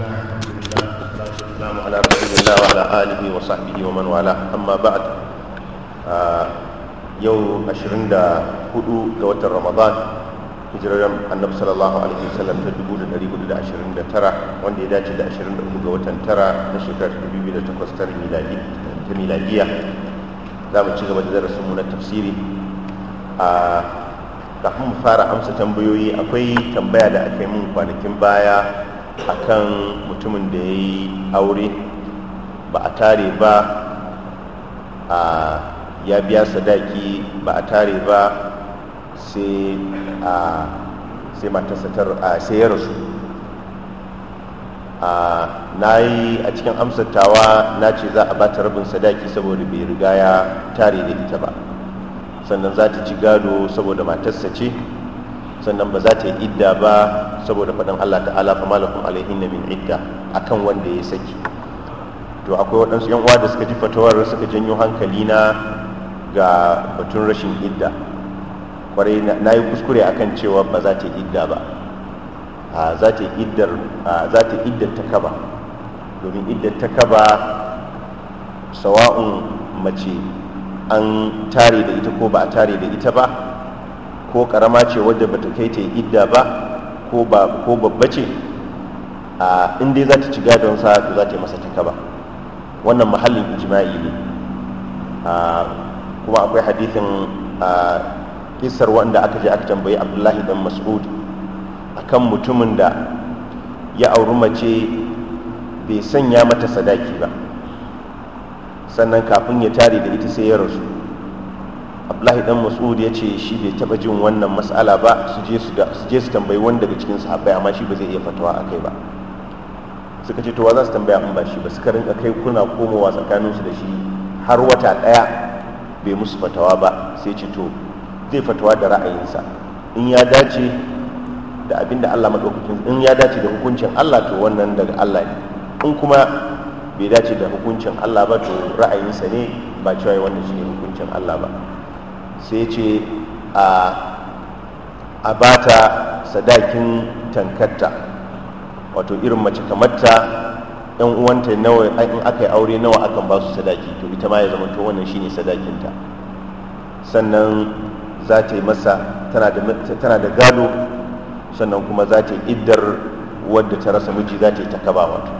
الله الحمد لله والصلاة والسلام على رسول الله وعلى آله وصحبه ومن والاه أما بعد يوم 24 ga watan Ramadan hijirar annabi sallallahu alaihi wasallam ta 1429 wanda ya dace da 23 ga watan tara na shekarar 2008 ta miladiya za mu ci gaba da darasin mu na tafsiri a kafin mu fara amsa tambayoyi akwai tambaya da aka yi mun kwanakin baya a kan mutumin da ya yi aure ba a tare ba a ya biya sadaki ba a tare ba sai a sai ya rasu a na yi a cikin amsatawa na ce za a bata rabin sadaki saboda bai riga ya tare da ita ba sannan za ta ci gado saboda matarsa ce sannan ba za ta yi idda ba saboda faɗin Allah ta'ala fa malakum na min idda a kan wanda ya saki to akwai waɗansu yan uwa da suka ji fatawar suka janyo hankali na ga batun rashin idda kwarai na yi kuskure akan cewa ba za ta yi idda ba za ta yi iddar za ta iddar ta kaba domin iddar ta kaba sawa'un mace an tare da ita ko ba a tare da ita ba ko karama ce wadda bata kai ta idda ba ko ba ko babba ce a in dai za ta ci gadon sa to za ta yi masa ba wannan mahallin ijma'i ne kuma akwai hadisin a kisar wanda aka je aka tambayi abdullahi dan mas'ud akan mutumin da ya auri mace bai sanya mata sadaki ba sannan kafin ya tare da ita sai ya rasu abdullahi dan mas'ud ya ce shi bai taba jin wannan mas'ala ba su je su tambayi wanda daga cikin sahabbai amma shi ba zai iya fatawa a kai ba suka ce to wa za su tambaya an ba shi ba suka rinka kai kuna komowa tsakanin su da shi har wata daya bai musu fatawa ba sai ce to zai fatawa da ra'ayinsa in ya dace da abinda Allah madaukakin in ya dace da hukuncin Allah to wannan daga Allah ne in kuma bai dace da hukuncin Allah ba to ra'ayinsa ne ba cewa wannan shi ne hukuncin Allah ba sai ce a bata sadakin tankatta wato irin mace kamarta yan uwanta nawa in aka yi aure nawa akan ba su sadaki to ita ma ya zama to wannan shine sadakinta sannan za ta yi masa tana da gado sannan kuma za ta yi iddar wadda ta rasa miji za ta yi takaba wato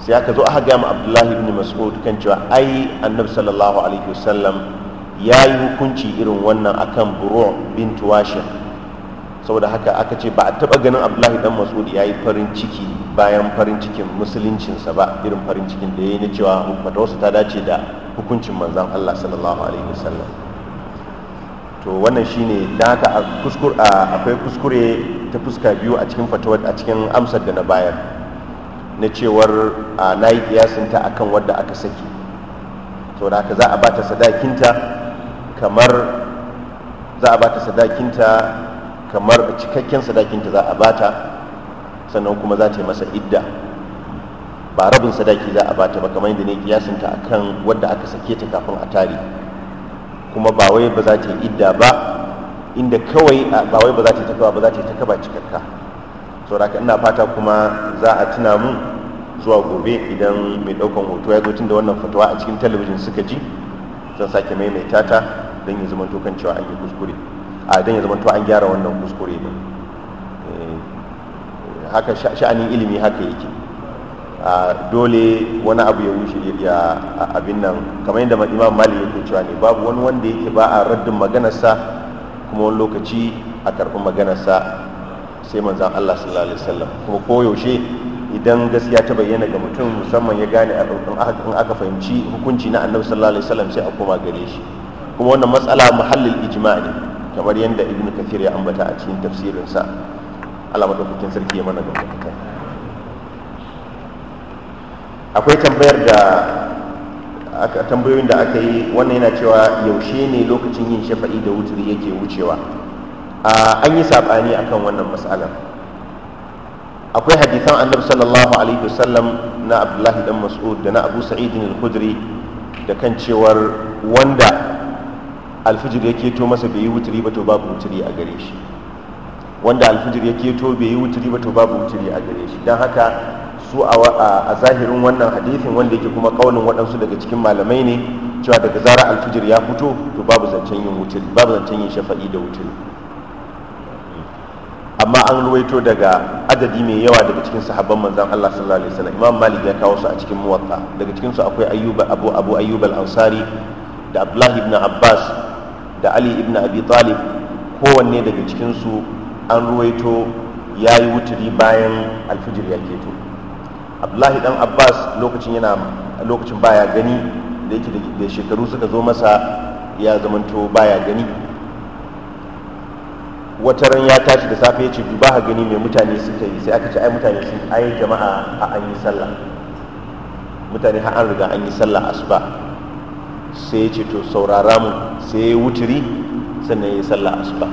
sai aka zo aka gaya ma abdullahi ibn mas'ud kan cewa ai annabi sallallahu alaihi wasallam ya yi hukunci irin wannan akan buru bin tuwashin saboda haka aka ce ba a taɓa ganin abdullahi dan mas'ud ya yi farin ciki bayan farin cikin musuluncinsa ba irin farin cikin da ya yi na cewa fatawarsa ta dace da hukuncin manzan allah sallallahu alaihi wasallam to wannan shine da haka akwai kuskure ta fuska biyu a cikin fatawar a cikin amsar da na bayar na cewar na yi kiyasinta akan wadda aka saki saboda haka za a bata sadakinta kamar za a bata sadakinta kamar cikakken sadakinta za a bata sannan kuma za ta yi masa idda ba rabin sadaki za a bata ba kamar yadda ne kiyasinta akan wadda aka sake ta kafin a tare kuma ba wai ba za ta yi idda ba inda kawai ba wai ba za ta yi takaba ba za ta yi takaba cikakka sauraka ina fata kuma za a tuna mu zuwa gobe idan mai daukan hoto ya zo tun da wannan fatawa a cikin talabijin suka ji zan sake maimaita ta don ya zama kan cewa an yi kuskure a don ya zama to an gyara wannan kuskure ne eh, haka sha'anin ilimi haka yake dole wani abu ya wuce ya abin nan kamar yadda imam mali yake cewa ne babu wani wanda yake ba a raddin maganarsa kuma wani lokaci a karɓi maganarsa sai manzan allah sallallahu alaihi wasallam kuma koyaushe idan gaskiya ta bayyana ga mutum musamman ya gane a ɗauɗin aka fahimci hukunci na annabi sallallahu alaihi wasallam sai a koma gare shi kuma wannan matsala muhallin ijma'i kamar yadda ibn kathir ya ambata a cikin tafsirinsa Allah madaukakin sarki ya mana gaba akwai tambayar da tambayoyin da aka yi wannan yana cewa yaushe ne lokacin yin shafa'i da wuturi yake wucewa an yi saɓani akan wannan matsalar akwai hadithan annabi sallallahu alaihi wasallam na abdullahi dan mas'ud da na abu sa'id al-khudri da kan cewar wanda alfijir ya keto masa bai yi wuturi ba to babu wuturi a gare shi wanda alfijir ya keto bai yi wuturi ba to babu wuturi a gare shi don haka su a zahirin wannan hadithin wanda yake kuma kaunin waɗansu daga cikin malamai ne cewa daga zarar alfijir ya fito to babu zancen yin wuturi babu zancen yin shafa'i da wuturi amma an ruwaito daga adadi mai yawa daga cikin sahabban manzan Allah sallallahu alaihi wasallam Imam Malik ya kawo su a cikin muwatta daga cikin su akwai ayyuba Abu Abu Ayyub al-Ansari da Abdullah ibn Abbas da ali ibn abi talib kowanne daga cikinsu an ruwaito ya yi wuturi bayan alfijir ya keto abdullahi dan abbas lokacin yana lokacin baya gani da yake da shekaru suka zo masa ya zamanto baya gani wata ran ya tashi da safe ya ce duba ha gani mai mutane suka yi sai aka ce ai mutane sun ai jama'a a an yi sallah mutane har an riga an yi sallah asuba sai ce to saurara mu sai ya wuturi sannan ya sallah asuba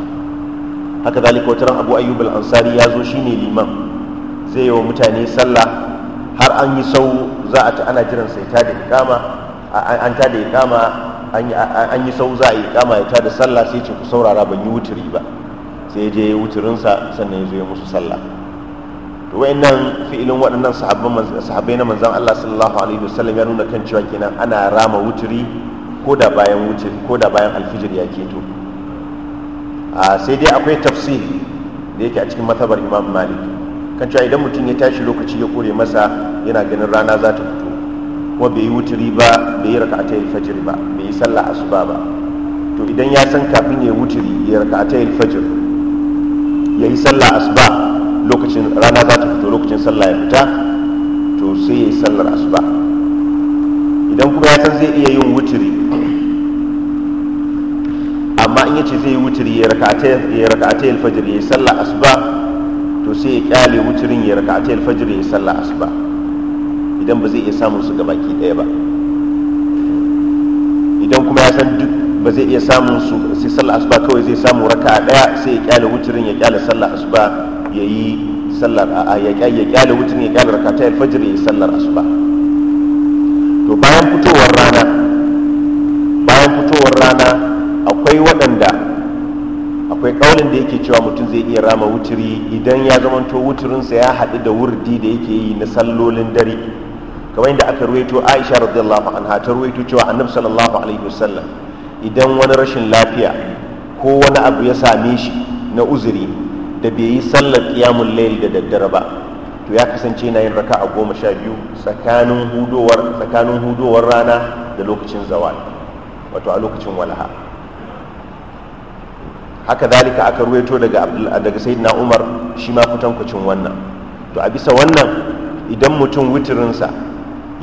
haka zalika ran abu ayyub al-ansari ya zo shine liman zai yi wa mutane sallah har an yi sau za a ta ana jiran sai ta da ikama an ta da ikama an yi sau za a yi ikama ya ta da sallah sai ce ku saurara ban yi wuturi ba sai je ya wuturinsa sannan ya zo ya musu sallah to wayannan fi'ilin waɗannan sahabbai na manzon Allah sallallahu alaihi wasallam ya nuna kan cewa kenan ana rama wuturi ko da bayan wuce ko da bayan alfijir ya keto a sai dai akwai tafsir da yake a cikin matabar imam malik kan cewa idan mutum ya tashi lokaci ya kore masa yana ganin rana za ta fito kuma bai yi wuturi ba bai yi raka a raka'atayil fajir ba bai yi sallah asuba ba to idan ya san kafin ya yi wuturi ya raka a raka'atayil fajir ya yi sallah asuba lokacin rana za ta fito lokacin sallah ya fita to sai ya yi sallar asuba idan kuma ya san zai iya yin wuturi in yace zai yi wuturi ya raka'atai ya fajir alfajr ya sallah asuba to sai ya kyale wuturin ya ya fajir ya sallah asuba idan ba zai iya samun su gabaki daya ba idan kuma ya san duk ba zai iya samun su sai sallah asuba kawai zai samu raka daya sai ya kyale wuturin ya kyale sallah asuba ya yi sallar a ya kyale wuturin ya kyale ya fajir ya sallar asuba to bayan fitowar rana wanda yake cewa mutum zai iya rama wuturi idan ya zamanto wuturinsa ya haɗu da wurdi da yake yi na sallolin dare kamar yadda aka ruwaito aisha radiyallahu anha ta ruwaito cewa annabi sallallahu alaihi wasallam idan wani rashin lafiya ko wani abu ya same shi na uzuri da bai yi sallar qiyamul layl da daddare ba to ya kasance yana yin raka'a goma sha biyu tsakanin hudowar tsakanin hudowar rana da lokacin zawal wato a lokacin walaha haka zalika aka ruwaito daga daga sayyidina umar shi ma kutankucin wannan to a bisa wannan idan mutum witirinsa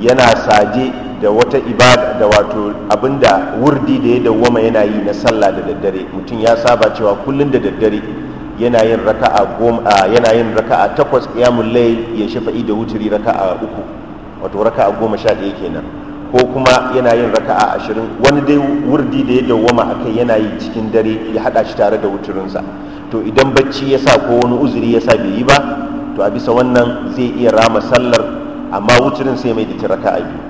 yana saje da wata ibada da wato abinda wurdi da ya dawwama yana yi na sallah da daddare mutum ya saba cewa kullum da daddare yana yin raka'a goma yana yin raka'a takwas qiyamul layl ya shafa'i da wutiri raka'a uku wato raka'a goma sha ɗaya kenan ko kuma yana yin raka a ashirin wani dai wurdi da ya dawwama a kai yana yi cikin dare ya haɗa shi tare da wuturinsa to idan bacci ya sa ko wani uzuri ya sa bai yi ba to a bisa wannan zai iya rama sallar amma wuturin sai mai da raka a biyu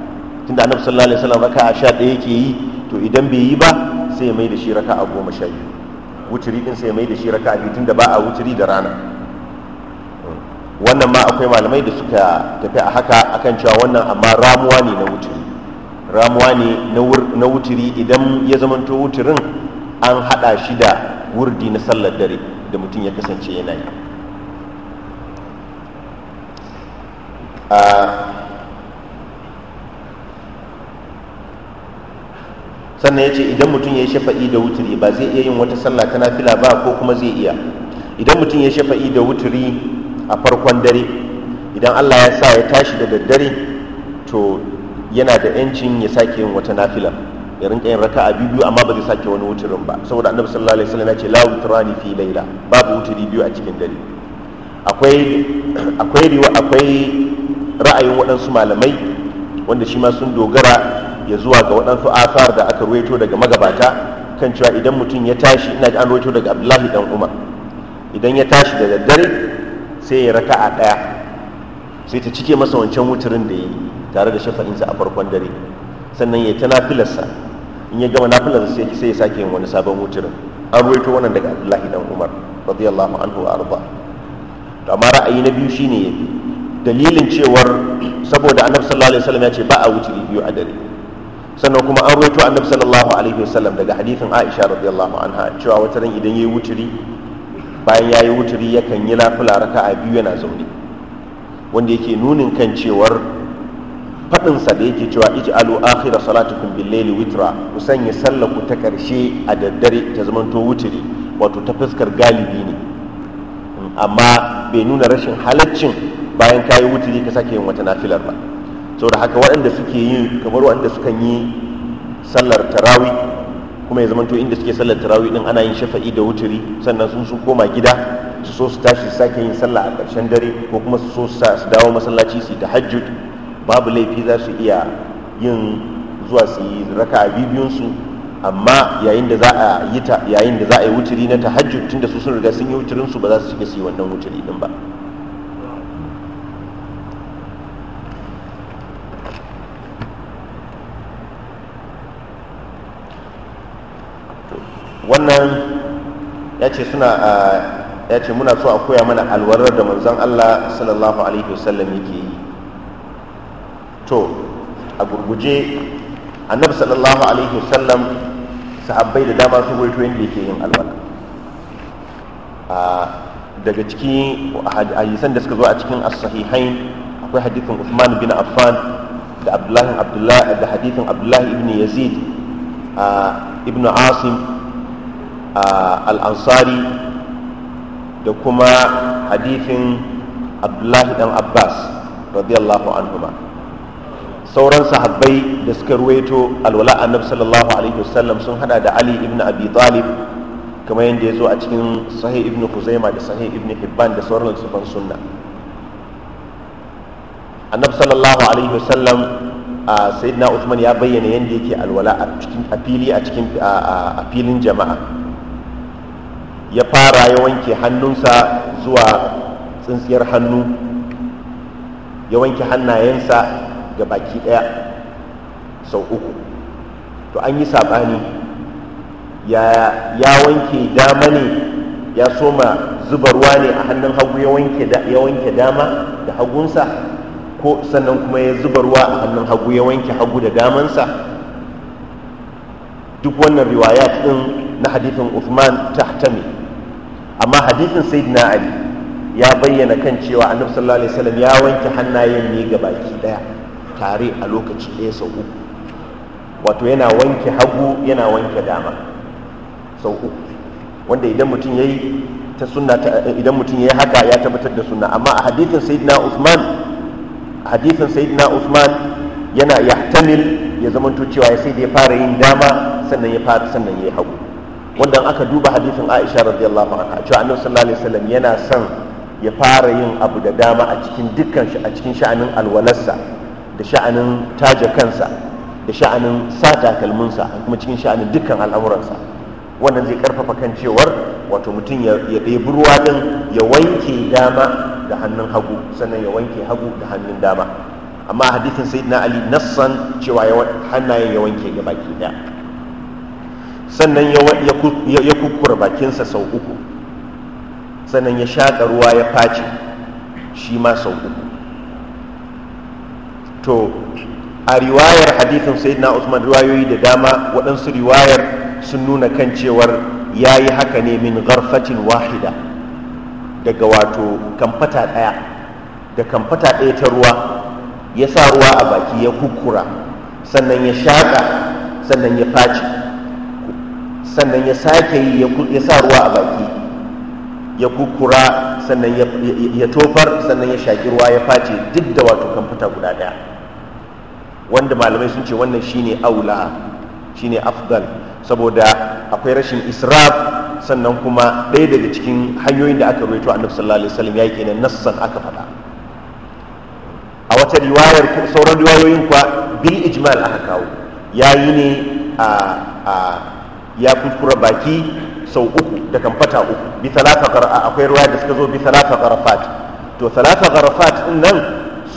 tunda annabi sallallahu alaihi wasallam a sha ɗaya yake yi to idan bai yi ba sai mai da shi raka a goma sha biyu wuturi din sai mai da shi raka a biyu tunda ba a wuturi da rana wannan ma akwai malamai da suka tafi a haka akan cewa wannan amma ramuwa ne na wuturi ramuwa ne na wuturi idan ya zamanto wutirin an hada shi da wurdi na sallar dare da mutum ya kasance yana yi sannan ya ce idan mutum ya yi shafa'i da wuturi ba zai iya yin wata sallah ta nafila ba ko kuma zai iya idan mutum ya shafa'i da wuturi a farkon dare idan allah ya sa ya tashi da daddare to yana da yancin ya sake yin wata nafila ya rinka yin raka'a biyu amma ba zai sake wani wuturin ba saboda annabi sallallahu alaihi wasallam ya ce la wutrani fi laila babu wuturi biyu a cikin dare akwai akwai riwa akwai ra'ayin waɗansu malamai wanda shi ma sun dogara ya zuwa ga waɗansu asar da aka ruwaito daga magabata kan cewa idan mutum ya tashi ina ji an ruwaito daga abdullahi dan umar idan ya tashi da daddare sai ya raka'a ɗaya sai ta cike masa wancan wuturin da ya yi tare da shafa'insa a farkon dare sannan ya ta nafilarsa in ya gama nafilarsa sai sai ya sake yin wani sabon wutirin an ruwaito wannan daga Abdullahi dan Umar radiyallahu anhu wa arba to amma ra'ayi na biyu shine yafi dalilin cewar saboda annabi sallallahu alaihi wasallam ya ce ba a wuce biyu a dare sannan kuma an ruwaito annabi sallallahu alaihi wasallam daga hadithin Aisha radiyallahu anha cewa wata ran idan yayi wuturi bayan yayi wuturi yakan yi nafila raka'a biyu yana zaune wanda yake nunin kan cewar fadin sa da yake cewa ij'alu akhira salatukum bil layli witra ku sanya sallar ku ta karshe a daddare ta zamanto wutiri wato ta fuskar galibi ne amma bai nuna rashin halaccin bayan kayi wutiri ka sake yin wata nafilar ba saboda haka waɗanda suke yi kamar waɗanda suka yi sallar tarawi kuma ya zamanto inda suke sallar tarawi din ana yin shafa'i da wuturi sannan sun sun koma gida su so su tashi su sake yin sallah a ƙarshen dare ko kuma su so su dawo masallaci su yi tahajjud babu laifi za su iya yin zuwa su yi raka bibiyunsu amma yayin da za a yi ta yayin da za a yi wuturi na tahajjud tunda su sun riga sun yi wuturin ba za su shiga su yi wannan wuturi din ba wannan ya ce suna ya ce muna so a koya mana alwarar da manzon Allah sallallahu alaihi wasallam yake yi to a gurguje annabi sallallahu alaihi wasallam sahabbai da dama sun wato yadda yake yin alwala daga cikin hadisan da suka zo a cikin as-sahihain akwai hadithin Usman bin Affan da Abdullahi abdullahi da hadithin Abdullahi ibn Yazid ibn Asim al-Ansari da kuma hadithin Abdullahi dan Abbas radiyallahu anhu anhuma sauran sahabbai da suka ruwaito alwala annab sallallahu alaihi wasallam sun hada da ali ibn abi talib kamar yadda ya zo a cikin sahih ibn kuzaima da sahih ibn hibban da sauran sufan sunna annab sallallahu alaihi wasallam a sayyidina uthman ya bayyana yadda yake alwala a fili a cikin a filin jama'a ya fara ya wanke hannunsa zuwa tsintsiyar hannu ya wanke hannayensa ga baki ɗaya sau uku to an yi saɓani ya wanke dama ne ya soma zubarwa ne a hannun hagu ya wanke dama da hagunsa ko sannan kuma ya zubarwa a hannun hagu ya wanke hagu da damansa duk wannan riwayat din na hadithin Uthman tahtami amma hadithin Sayyidina Ali ya bayyana kan cewa Annabi sallallahu alaihi wasallam ya wanke hannayen ne ga baki daya tare a lokaci ɗaya sau uku wato yana wanke hagu yana wanke dama sau uku wanda idan mutum ya yi ta sunna idan mutum ya yi haka ya tabbatar da sunna amma a hadithin sayyidina usman a hadithin sayyidina usman yana tamil ya zamanto cewa ya sai da ya fara yin dama sannan ya fara sannan ya yi hagu wanda aka duba hadithin aisha radiyallahu anha cewa annabi sallallahu alaihi wasallam yana son ya fara yin abu da dama a cikin dukkan a cikin sha'anin alwalarsa da sha'anin taja kansa da sha'anin sa takalminsa kuma cikin sha'anin dukkan al'amuransa wannan zai karfafa kan cewar wato mutum ya ɗebi ruwa ɗin ya wanke dama da hannun hagu sannan ya wanke hagu da hannun dama amma a hadithin na ali nassan cewa hannayen ya wanke ga baki ɗaya sannan ya kukkura bakinsa sau uku sannan ya shaƙa ruwa ya face shi ma sau uku to a riwayar hadithin sayyidina usman riwayoyi da dama waɗansu riwayar sun nuna kan cewar ya yi haka ne min garfacin wahida daga wato kamfata ɗaya da kamfata ɗaya ta ruwa ya sa ruwa a baki ya kukura sannan ya shaƙa sannan ya faci sannan ya sake yi ya sa ruwa a baki ya kukura sannan ya tofar sannan ya shaƙi ruwa ya face duk da wato kamfata guda ɗaya wanda malamai sun ce wannan shine aula shine afdal saboda akwai rashin israf sannan kuma ɗaya daga cikin hanyoyin da aka rubuta annabi sallallahu alaihi wasallam ke kenan nassan aka faɗa a wata riwayar sauran riwayoyin kuwa bil ijmal aka kawo yayi ne a ya kuskura baki sau uku da kamfata uku bi talata akwai ruwa da suka zo bi talata garafat to talata garafat din nan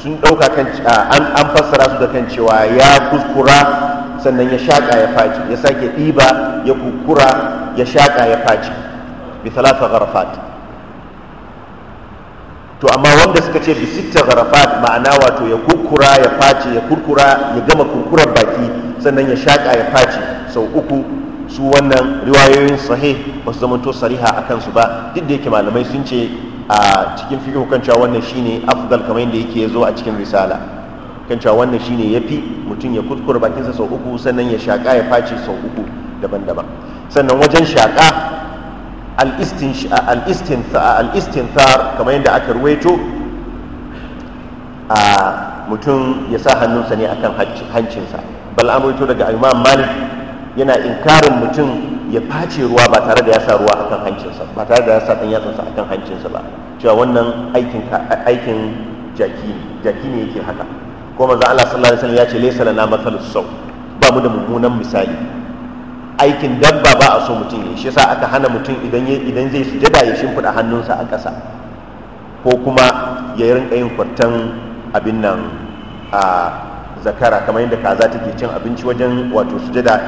sun ɗauka kan an fassara su da kan cewa ya kuskura sannan ya shaƙa ya faci ya sake ɗiba ya kukura ya shaƙa ya faci bi talata garafat to amma wanda suka ce bi sitta garafat ma'ana wato ya kukura ya faci ya kurkura ya gama kukurar baki sannan ya shaƙa ya faci sau uku su wannan riwayoyin sahih ba su zamanto sariha a kansu ba duk da yake malamai sun ce a cikin fiƙi kan cewa wannan shine afdal kamar yadda yake zo a cikin risala kan cewa wannan shine fi mutum ya kuskura bakinsa sau uku sannan ya shaka ya face sau uku daban-daban sannan wajen shaka al-istinthar kamar yadda aka ruwaito a mutum ya sa hannunsa ne akan hancinsa bal an daga imam malik yana inkarin mutum ya face ruwa ba tare da ya sa ruwa akan hancinsa ba tare da ya sa ɗan yatsansa akan hancinsa ba cewa wannan aikin aikin jaki ne jaki ne yake haka ko manzo Allah sallallahu alaihi wasallam ya ce laysa lana mathalus saw ba mu da mummunan misali aikin dabba ba a so mutum ya shi sa aka hana mutum idan idan zai sujada ya shimfida hannunsa a ƙasa ko kuma ya rinka yin kwartan abin nan a zakara kamar yadda kaza take cin abinci wajen wato sujada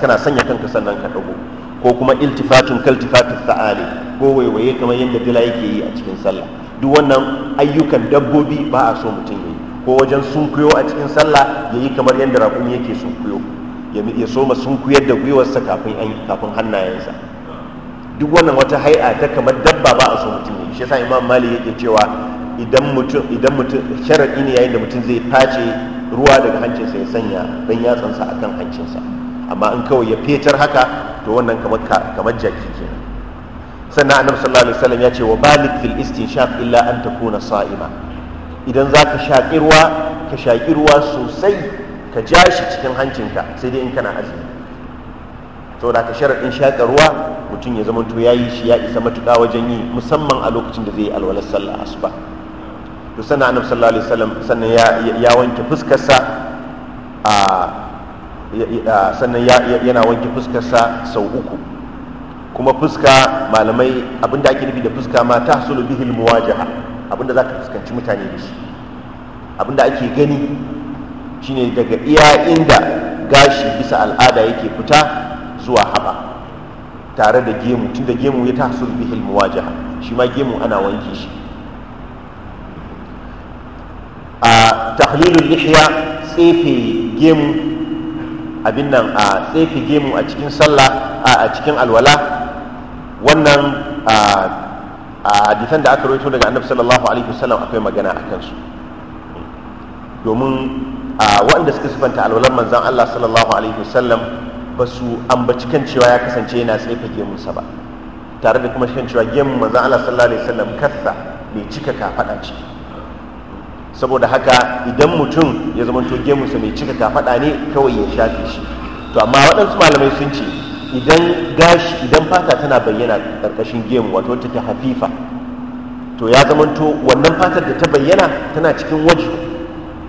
kana sanya kanka sannan ka dago ko kuma iltifatun kaltifatun sa'ali ko waiwaye kamar yadda dila yake yi a cikin sallah duk wannan ayyukan dabbobi ba a so mutum yi ko wajen sunkuyo a cikin sallah ya yi kamar yadda rakun yake sunkuyo ya soma sunkuyar da gwiwarsa kafin kafin hannayensa duk wannan wata hai'a ta kamar dabba ba a so mutum yi shi yasa imam mali yake cewa idan mutum idan mutum sharadi ne yayin da mutum zai face ruwa daga hancinsa ya sanya dan yatsansa kan hancinsa amma in kawai ya fetar haka to wannan kamar jaki kenan sannan annabi sallallahu alaihi wasallam ya ce wa balik fil istinshaq illa an takuna sa'ima idan zaka shaki ruwa ka shaki ruwa sosai ka ja shi cikin hancinka sai dai in kana azumi da ka sharadin shaƙa ruwa mutum ya zama to yayi shi ya isa matuƙa wajen yi musamman a lokacin da zai yi alwalar sallah asuba to sannan annabi sallallahu alaihi wasallam sannan ya wanke fuskarsa a sannan yana wanke fuskarsa sau uku kuma fuska malamai abinda ake nufi da fuska ma ta hasulu bihil almuwajaha abinda zaka fuskanci mutane da shi abinda ake gani shine daga iya inda gashi bisa al'ada yake fita zuwa haba tare da gemu tunda gemu ya ta hasulu bihil shi ma gemu ana wanke shi a tahlilul lihya tsefe gemu abin nan a tsefe gemu a cikin sallah a cikin alwala wannan a hadisan da aka rawaito daga annabi sallallahu alaihi wasallam akwai magana a kansu domin waɗanda suka sifanta alwalan manzon Allah sallallahu alaihi wasallam ba su ambaci kan cewa ya kasance yana tsefe gemunsa ba tare da kuma kan cewa gemun manzon Allah sallallahu alaihi wasallam kassa bai cika kafaɗa ciki saboda haka idan mutum ya zama to gemunsa mai cika kafaɗa ne kawai ya shafe shi to amma waɗansu malamai sun ce idan gashi idan fata tana bayyana ƙarƙashin gemu wato take hafifa to ya zamanto wannan fatar da ta bayyana tana cikin waje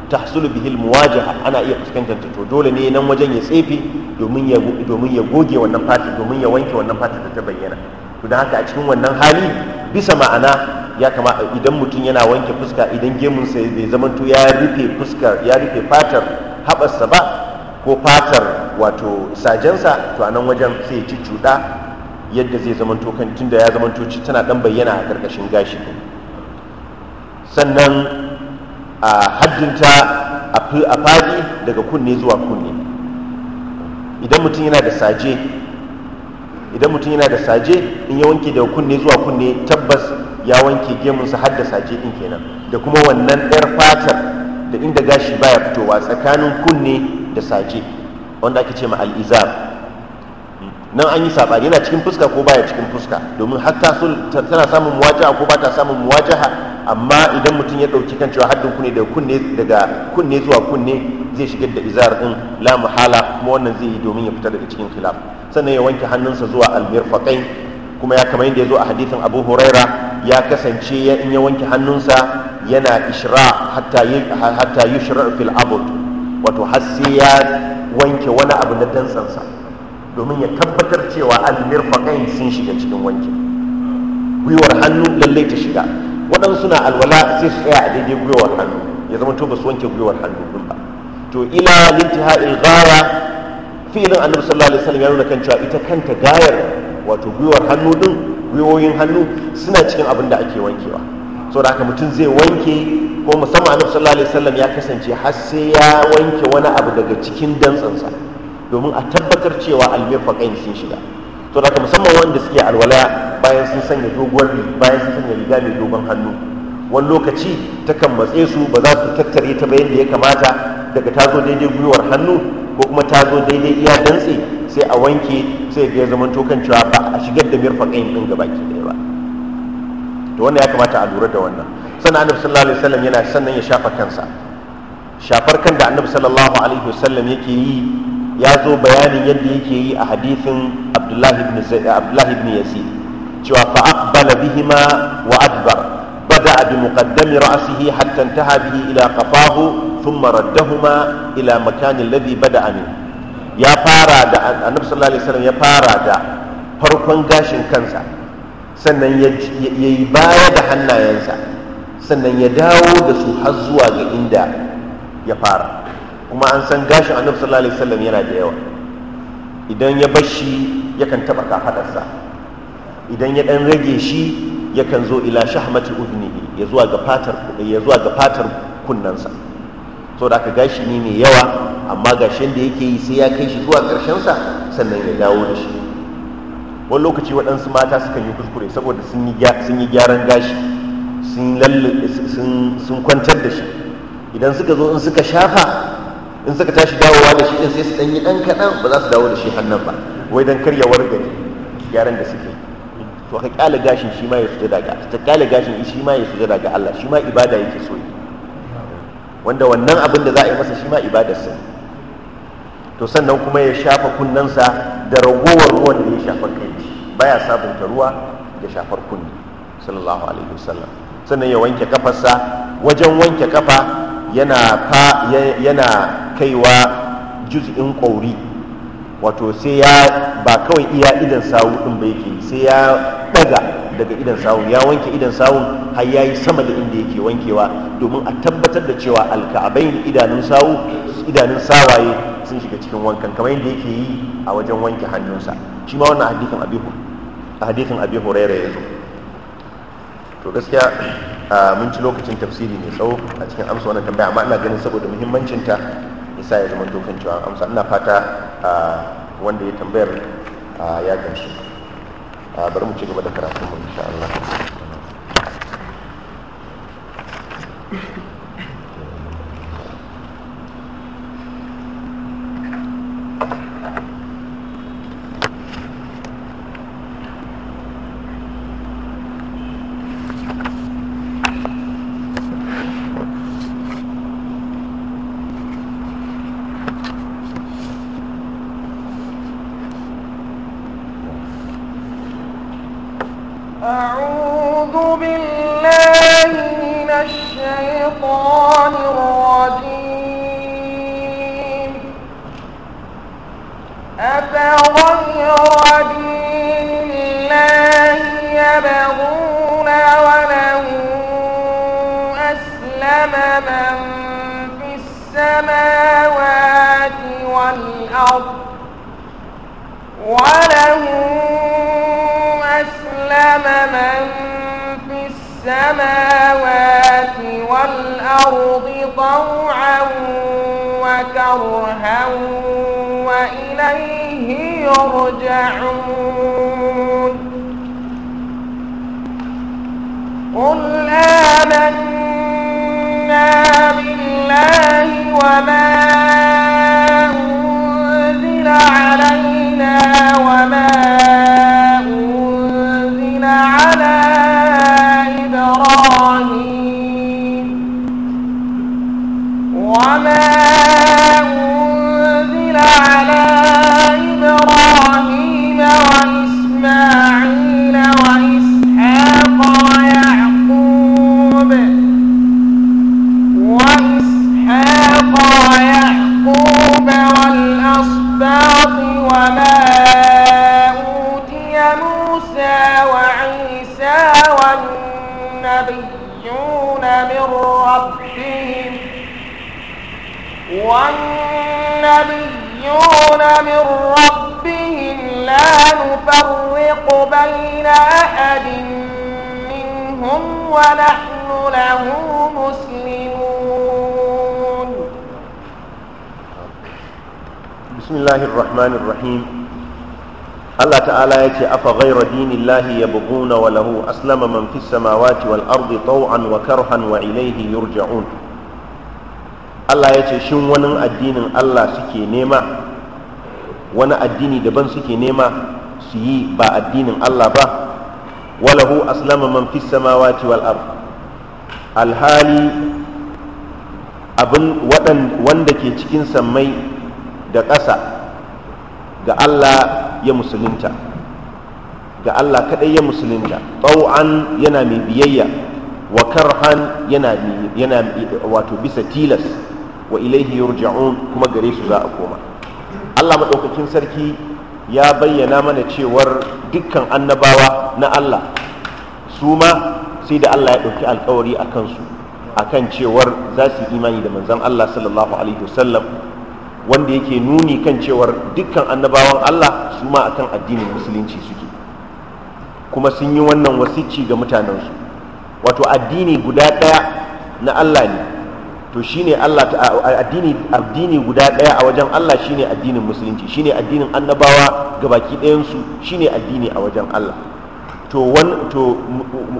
ta hasulu bihil muwajaha ana iya fuskantar ta to dole ne nan wajen ya tsefe domin ya goge wannan fatar domin ya wanke wannan fatar da ta bayyana to don haka a cikin wannan hali bisa ma'ana ya kama idan mutum yana wanke fuska idan gemunsa bai zamanto ya rufe fuskar ya rufe fatar haɓarsa ba ko fatar wato sajensa to a nan wajen sai ci cuɗa yadda zai zamanto kan tunda ya zamanto ci tana ɗan bayyana a ƙarƙashin gashi sannan a haddinta a faɗi daga kunne zuwa kunne idan mutum yana da saje idan mutum yana da saje in ya wanke daga kunne zuwa kunne tabbas ya wanke gemunsa har da saje din kenan da kuma wannan ɗayar fatar da inda gashi baya fitowa tsakanin kunne da saje wanda ake ce ma al'izar nan an yi saɓa yana cikin fuska ko baya cikin fuska domin hatta tana samun muwajaha ko ba ta samun muwajaha amma idan mutum ya ɗauki kan cewa haddin kunne daga kunne zuwa kunne zai shigar da izar din la muhala kuma wannan zai yi domin ya fita daga cikin khilaf sannan ya wanke hannunsa zuwa almirfaqai kuma ya kamar yadda ya zo a hadithin abu huraira ya kasance in ya wanke hannunsa yana ishra hatta hatta yushra fil abud wato har sai ya wanke wani abu na dantsansa domin ya tabbatar cewa almirfaqai sun shiga cikin wanke. gwiwar hannu lallai ta shiga waɗansu na alwala sai su tsaya a daidai gwiwar hannu ya zama to ba su wanke gwiwar hannu ba to ila lintihai fi fi'ilin annabi sallallahu alaihi wasallam ya nuna kan cewa ita kanta gayar wato gwiwar hannu din gwiwoyin hannu suna cikin abin da ake wankewa saboda haka mutum zai wanke ko musamman annabi sallallahu alaihi wasallam ya kasance har sai ya wanke wani abu daga cikin dantsansa domin a tabbatar cewa almirfaqain sun shiga to haka musamman wanda suke alwala bayan sun sanya doguwar bayan sun sanya riga mai dogon hannu wani lokaci takan matse su ba za su tattare ta bayan da ya kamata daga ta zo daidai gwiwar hannu ko kuma ta zo daidai iya dantse sai a wanke sai ya zama tokan cewa ba a shigar da mirfaƙin ɗin gaba ke ɗaya ba to wannan ya kamata a lura da wannan sannan annabi sallallahu alaihi wasallam yana sannan ya shafa kansa shafar kan da annabi sallallahu alaihi wasallam yake yi ya zo bayanin yadda yake yi a hadithin abdullahi ibn yazid cewa fa aqbala bihima wa adbar فبدأ بمقدم رأسه حتى انتهى به إلى قفاه ثم ردهما إلى مكان الذي بدأ da يا فارا دا النبي صلى الله عليه وسلم يا فارا دا فرقن غاشن sannan ya yi baya da hannayensa sannan ya dawo da su har zuwa ga inda ya fara kuma an san gashin annabi sallallahu alaihi wasallam yana da yawa idan ya bar shi yakan taba kafadarsa idan ya dan rage shi yakan zo ila shahmati udni ya zuwa ga fatar ya zuwa ga fatar kunnansa to da aka gashi ne mai yawa amma gashin da yake yi sai ya kai shi zuwa ƙarshen sa sannan ya dawo da shi wani lokaci waɗansu mata sukan yi kuskure saboda sun yi gyaran gashi sun kwantar da shi idan suka zo in suka shafa in suka tashi dawowa da shi sai su ɗanyi ɗan kaɗan ba za su dawo da shi hannun ba wai don karyawar gari gyaran da suke to ka kyale gashin shi ma ya sujada ga ta kyale gashin shi ma ya sujada ga Allah shi ma ibada yake so yi wanda wannan abin da za a yi masa shi ma sa to sannan kuma ya shafa kunnensa da ragowar ruwan da ya shafa kai baya sabunta ruwa da shafar kunni sallallahu alaihi wasallam sannan ya wanke kafarsa wajen wanke kafa yana fa yana kaiwa juz'in ƙauri wato sai ya ba kawai iya idan sawu din ba yake sai ya daga daga idan sawun ya wanke idan sawun har ya yi sama da inda yake wankewa domin a tabbatar da cewa alka'abain idanun sawu sawaye sun shiga cikin wankan kamar yadda yake yi a wajen wanke hannunsa shi ma wannan hadithin a hadithin abi ya yazo to gaskiya mun ci lokacin tafsiri mai tsawo a cikin amsa wannan tambaya amma ina ganin saboda muhimmancin ta isa ya zama dokan cewa amsa ina fata wanda ya tambayar ya gamsu Ah, bari mu ci gaba da karatun mu insha Allah Allah ta'ala ya ce afa ghayra dinillahi ya wa walahu aslama man fis samawati wal ardi taw'an wa karhan wa ilayhi yurja'un Allah ya ce shin wani addinin Allah suke nema wani addini daban suke nema su yi ba addinin Allah ba wa lahu aslama man fis samawati alhali abin wanda ke cikin sammai da ƙasa Allah ya musulunta ga Allah kaɗai ya musulunta tau'an yana mai biyayya wa karhan yana yana wato bisa tilas wa ilaihi yurja'un kuma gare su za a koma Allah madaukakin sarki ya bayyana mana cewar dukkan annabawa na Allah su ma sai da Allah ya ɗauki alkawari a kansu a kan cewar za su imani da manzan Allah sallallahu alaihi wasallam wanda yake nuni kan cewar dukkan annabawan Allah su ma akan addinin musulunci suke kuma sun yi wannan wasicci ga mutanensu wato addini guda ɗaya na Allah ne to shine Allah addini addini guda ɗaya a wajen Allah shine addinin musulunci shine addinin annabawa ga ɗayan su shine addini a wajen Allah to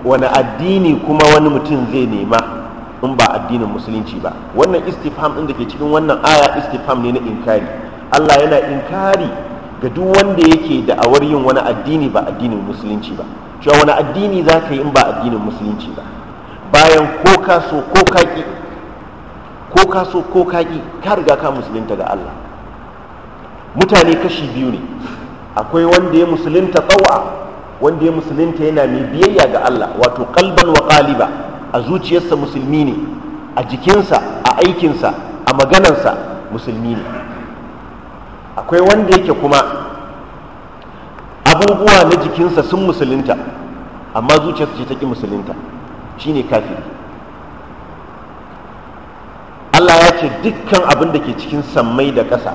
wani addini kuma wani mutum zai nema in ba addinin musulunci ba wannan istifham ɗin da ke cikin wannan aya istifham ne na inkari Allah yana inkari ga duk wanda yake da awar yin wani addini ba addinin musulunci ba cewa wani addini za ka yi in ba addinin musulunci ba bayan ko ka so ko ka ki ko ka so ko ka ki ka riga ka musulunta ga Allah mutane kashi biyu ne akwai wanda ya musulunta tsawa wanda ya musulunta yana mai biyayya ga Allah wato kalban wa qaliba a zuciyarsa musulmi ne a jikinsa a aikinsa a maganarsa musulmi ne akwai wanda yake kuma abubuwa na jikinsa sun musulunta amma zuciyarsa ce ta ƙi musulunta ne kafiri Allah ya ce dukkan abin da ke cikin sammai da ƙasa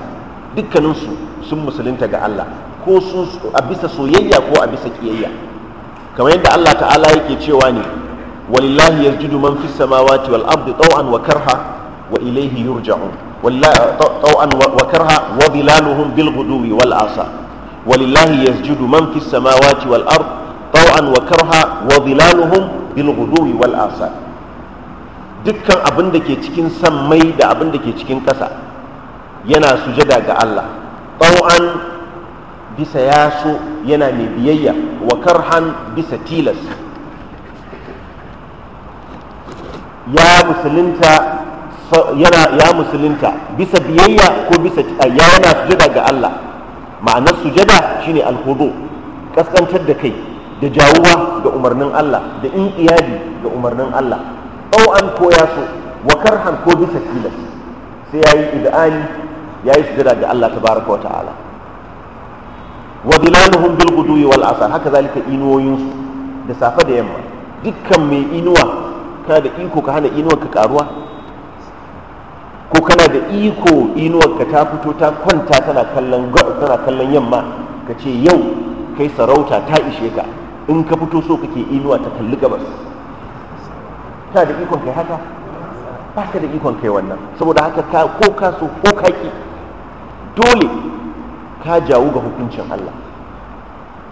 dukkaninsu sun musulunta ga Allah ko sun a bisa soyayya ko a bisa ƙiyayya kamar yadda Allah ta'ala yake cewa ne walillahi yasjudu man fis samawati wal ardi taw'an wa karha wa ilayhi yurja'un wallahi wa karha wa dhilaluhum bil ghuduwi wal asa walillahi yasjudu man wal wa karha bil wal asa dukkan abin da ke cikin mai da abin da ke cikin ƙasa yana sujada ga Allah ɗauan bisa yasu yana mai biyayya wa karhan bisa tilas ya musulunta bisa biyayya ko bisa ya yana sujada ga Allah ma'anar sujada shine alhudu kaskantar da kai da jawuwa ga umarnin Allah da iyadi ga umarnin Allah au an ko ya so wa karhan ko bisa tilas sai yayi idani yayi sujada ga Allah tabaraka wa ta'ala wa bilaluhum bil wal asar haka zalika inuwoyinsu da safa da yamma dukkan mai inuwa kana da iko ka hana inuwar ka karuwa ko kana da iko inuwar ka ta fito ta kwanta tana kallon tana kallon yamma ka ce yau kai sarauta ta ishe ka in ka fito so kake inuwa ta kalli gabas kana da ikon kai haka ba ka da ikon kai wannan saboda haka ka ko ka so ko ka ki dole ka jawo ga hukuncin Allah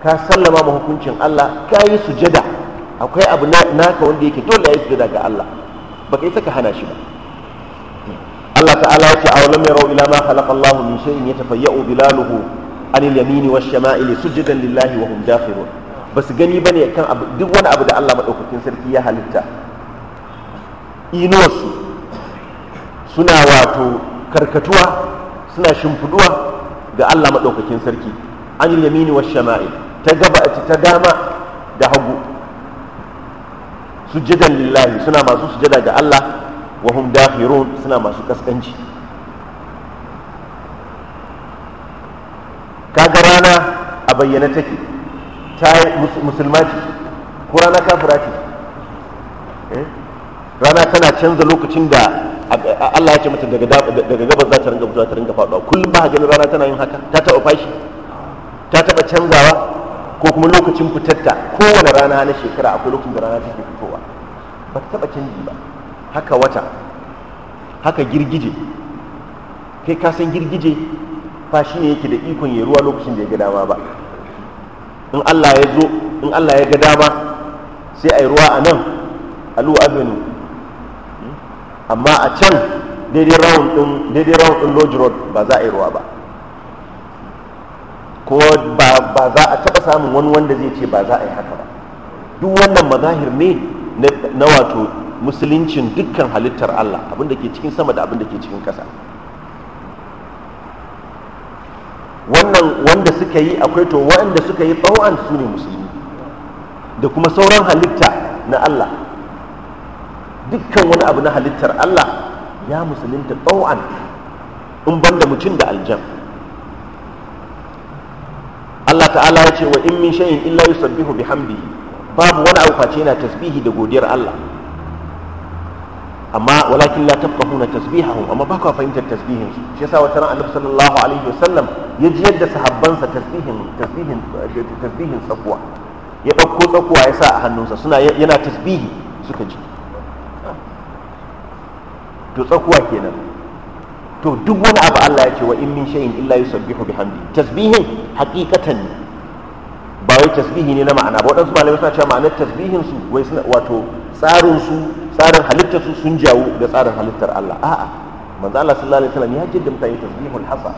ka sallama ma hukuncin Allah ka yi sujada akwai abu naka wanda yake dole ya sujada ga Allah baka yi saka hana shi ba Allah ta'ala ya ce aw lam yaraw ila ma khalaqa Allah min shay'in yatafayya'u bilaluhu an al-yamin wash-shama'il sujudan lillahi wa hum dakhirun basu gani bane kan abu duk wani abu da Allah madaukakin sarki ya halitta inuwarsu suna wato karkatuwa suna shimfiduwa ga Allah madaukakin sarki an al-yamin wash-shama'il ta gaba ta dama da hagu sujjadan lillahi suna masu sujjada ga Allah wa hum dakhirun suna masu kaskanci kaga rana a bayyana take ta musulma ce ko rana kafira ce eh? rana tana canza lokacin da Allah ya ce mata daga gabas za ta ringa fitowa ta ringa faɗuwa kullum ba ganin rana tana yin haka ta taɓa fashi ta taɓa canzawa ko kuma lokacin ta kowane rana na shekara akwai lokacin da rana take fitowa ba ta taɓa canji ba haka wata haka girgije kai ka san girgije fa shi ne yake da ikon ya ruwa lokacin da ya ga dama ba in Allah ya zo in Allah ya ga dama sai a yi ruwa a nan alu avenue amma a can daidai round din daidai round din lodge road ba za a yi ruwa ba ko ba za a taɓa samun wani wanda zai ce ba za a yi haka ba duk wannan mazahir ne na wato musuluncin dukkan halittar Allah abin da ke cikin sama da abin da ke cikin ƙasa wannan wanda suka yi akwai to waɗanda suka yi tsawon su ne musulmi da kuma sauran halitta na Allah dukkan wani abu na halittar Allah ya musulunta tsawon in banda mutum da aljan Allah ta'ala ya ce wa in min shay'in illa yusabbihu bihamdihi babu wani abu face yana tasbihi da godiyar Allah amma walakin la tafqahuna tasbihahum amma ba ka fahimtar tasbihin su shi yasa wata ran Annabi sallallahu alaihi wasallam ya ji yadda sahabbansa tasbihin tasbihin tasbihin tsakuwa ya dauko tsakuwa ya sa a hannunsa suna yana tasbihi suka ji to tsakuwa kenan to duk wani abu Allah ya ce wa in min shay'in illa yusabbihu bihamdi tasbihin haqiqatan wai tasbihi ne na ma'ana ba waɗansu malamai suna cewa ma'anar tasbihin su wai suna wato tsarin su tsarin halittar su sun jawo da tsarin halittar Allah a'a manzo Allah sallallahu alaihi wasallam ya jidda mutane tasbihul hasa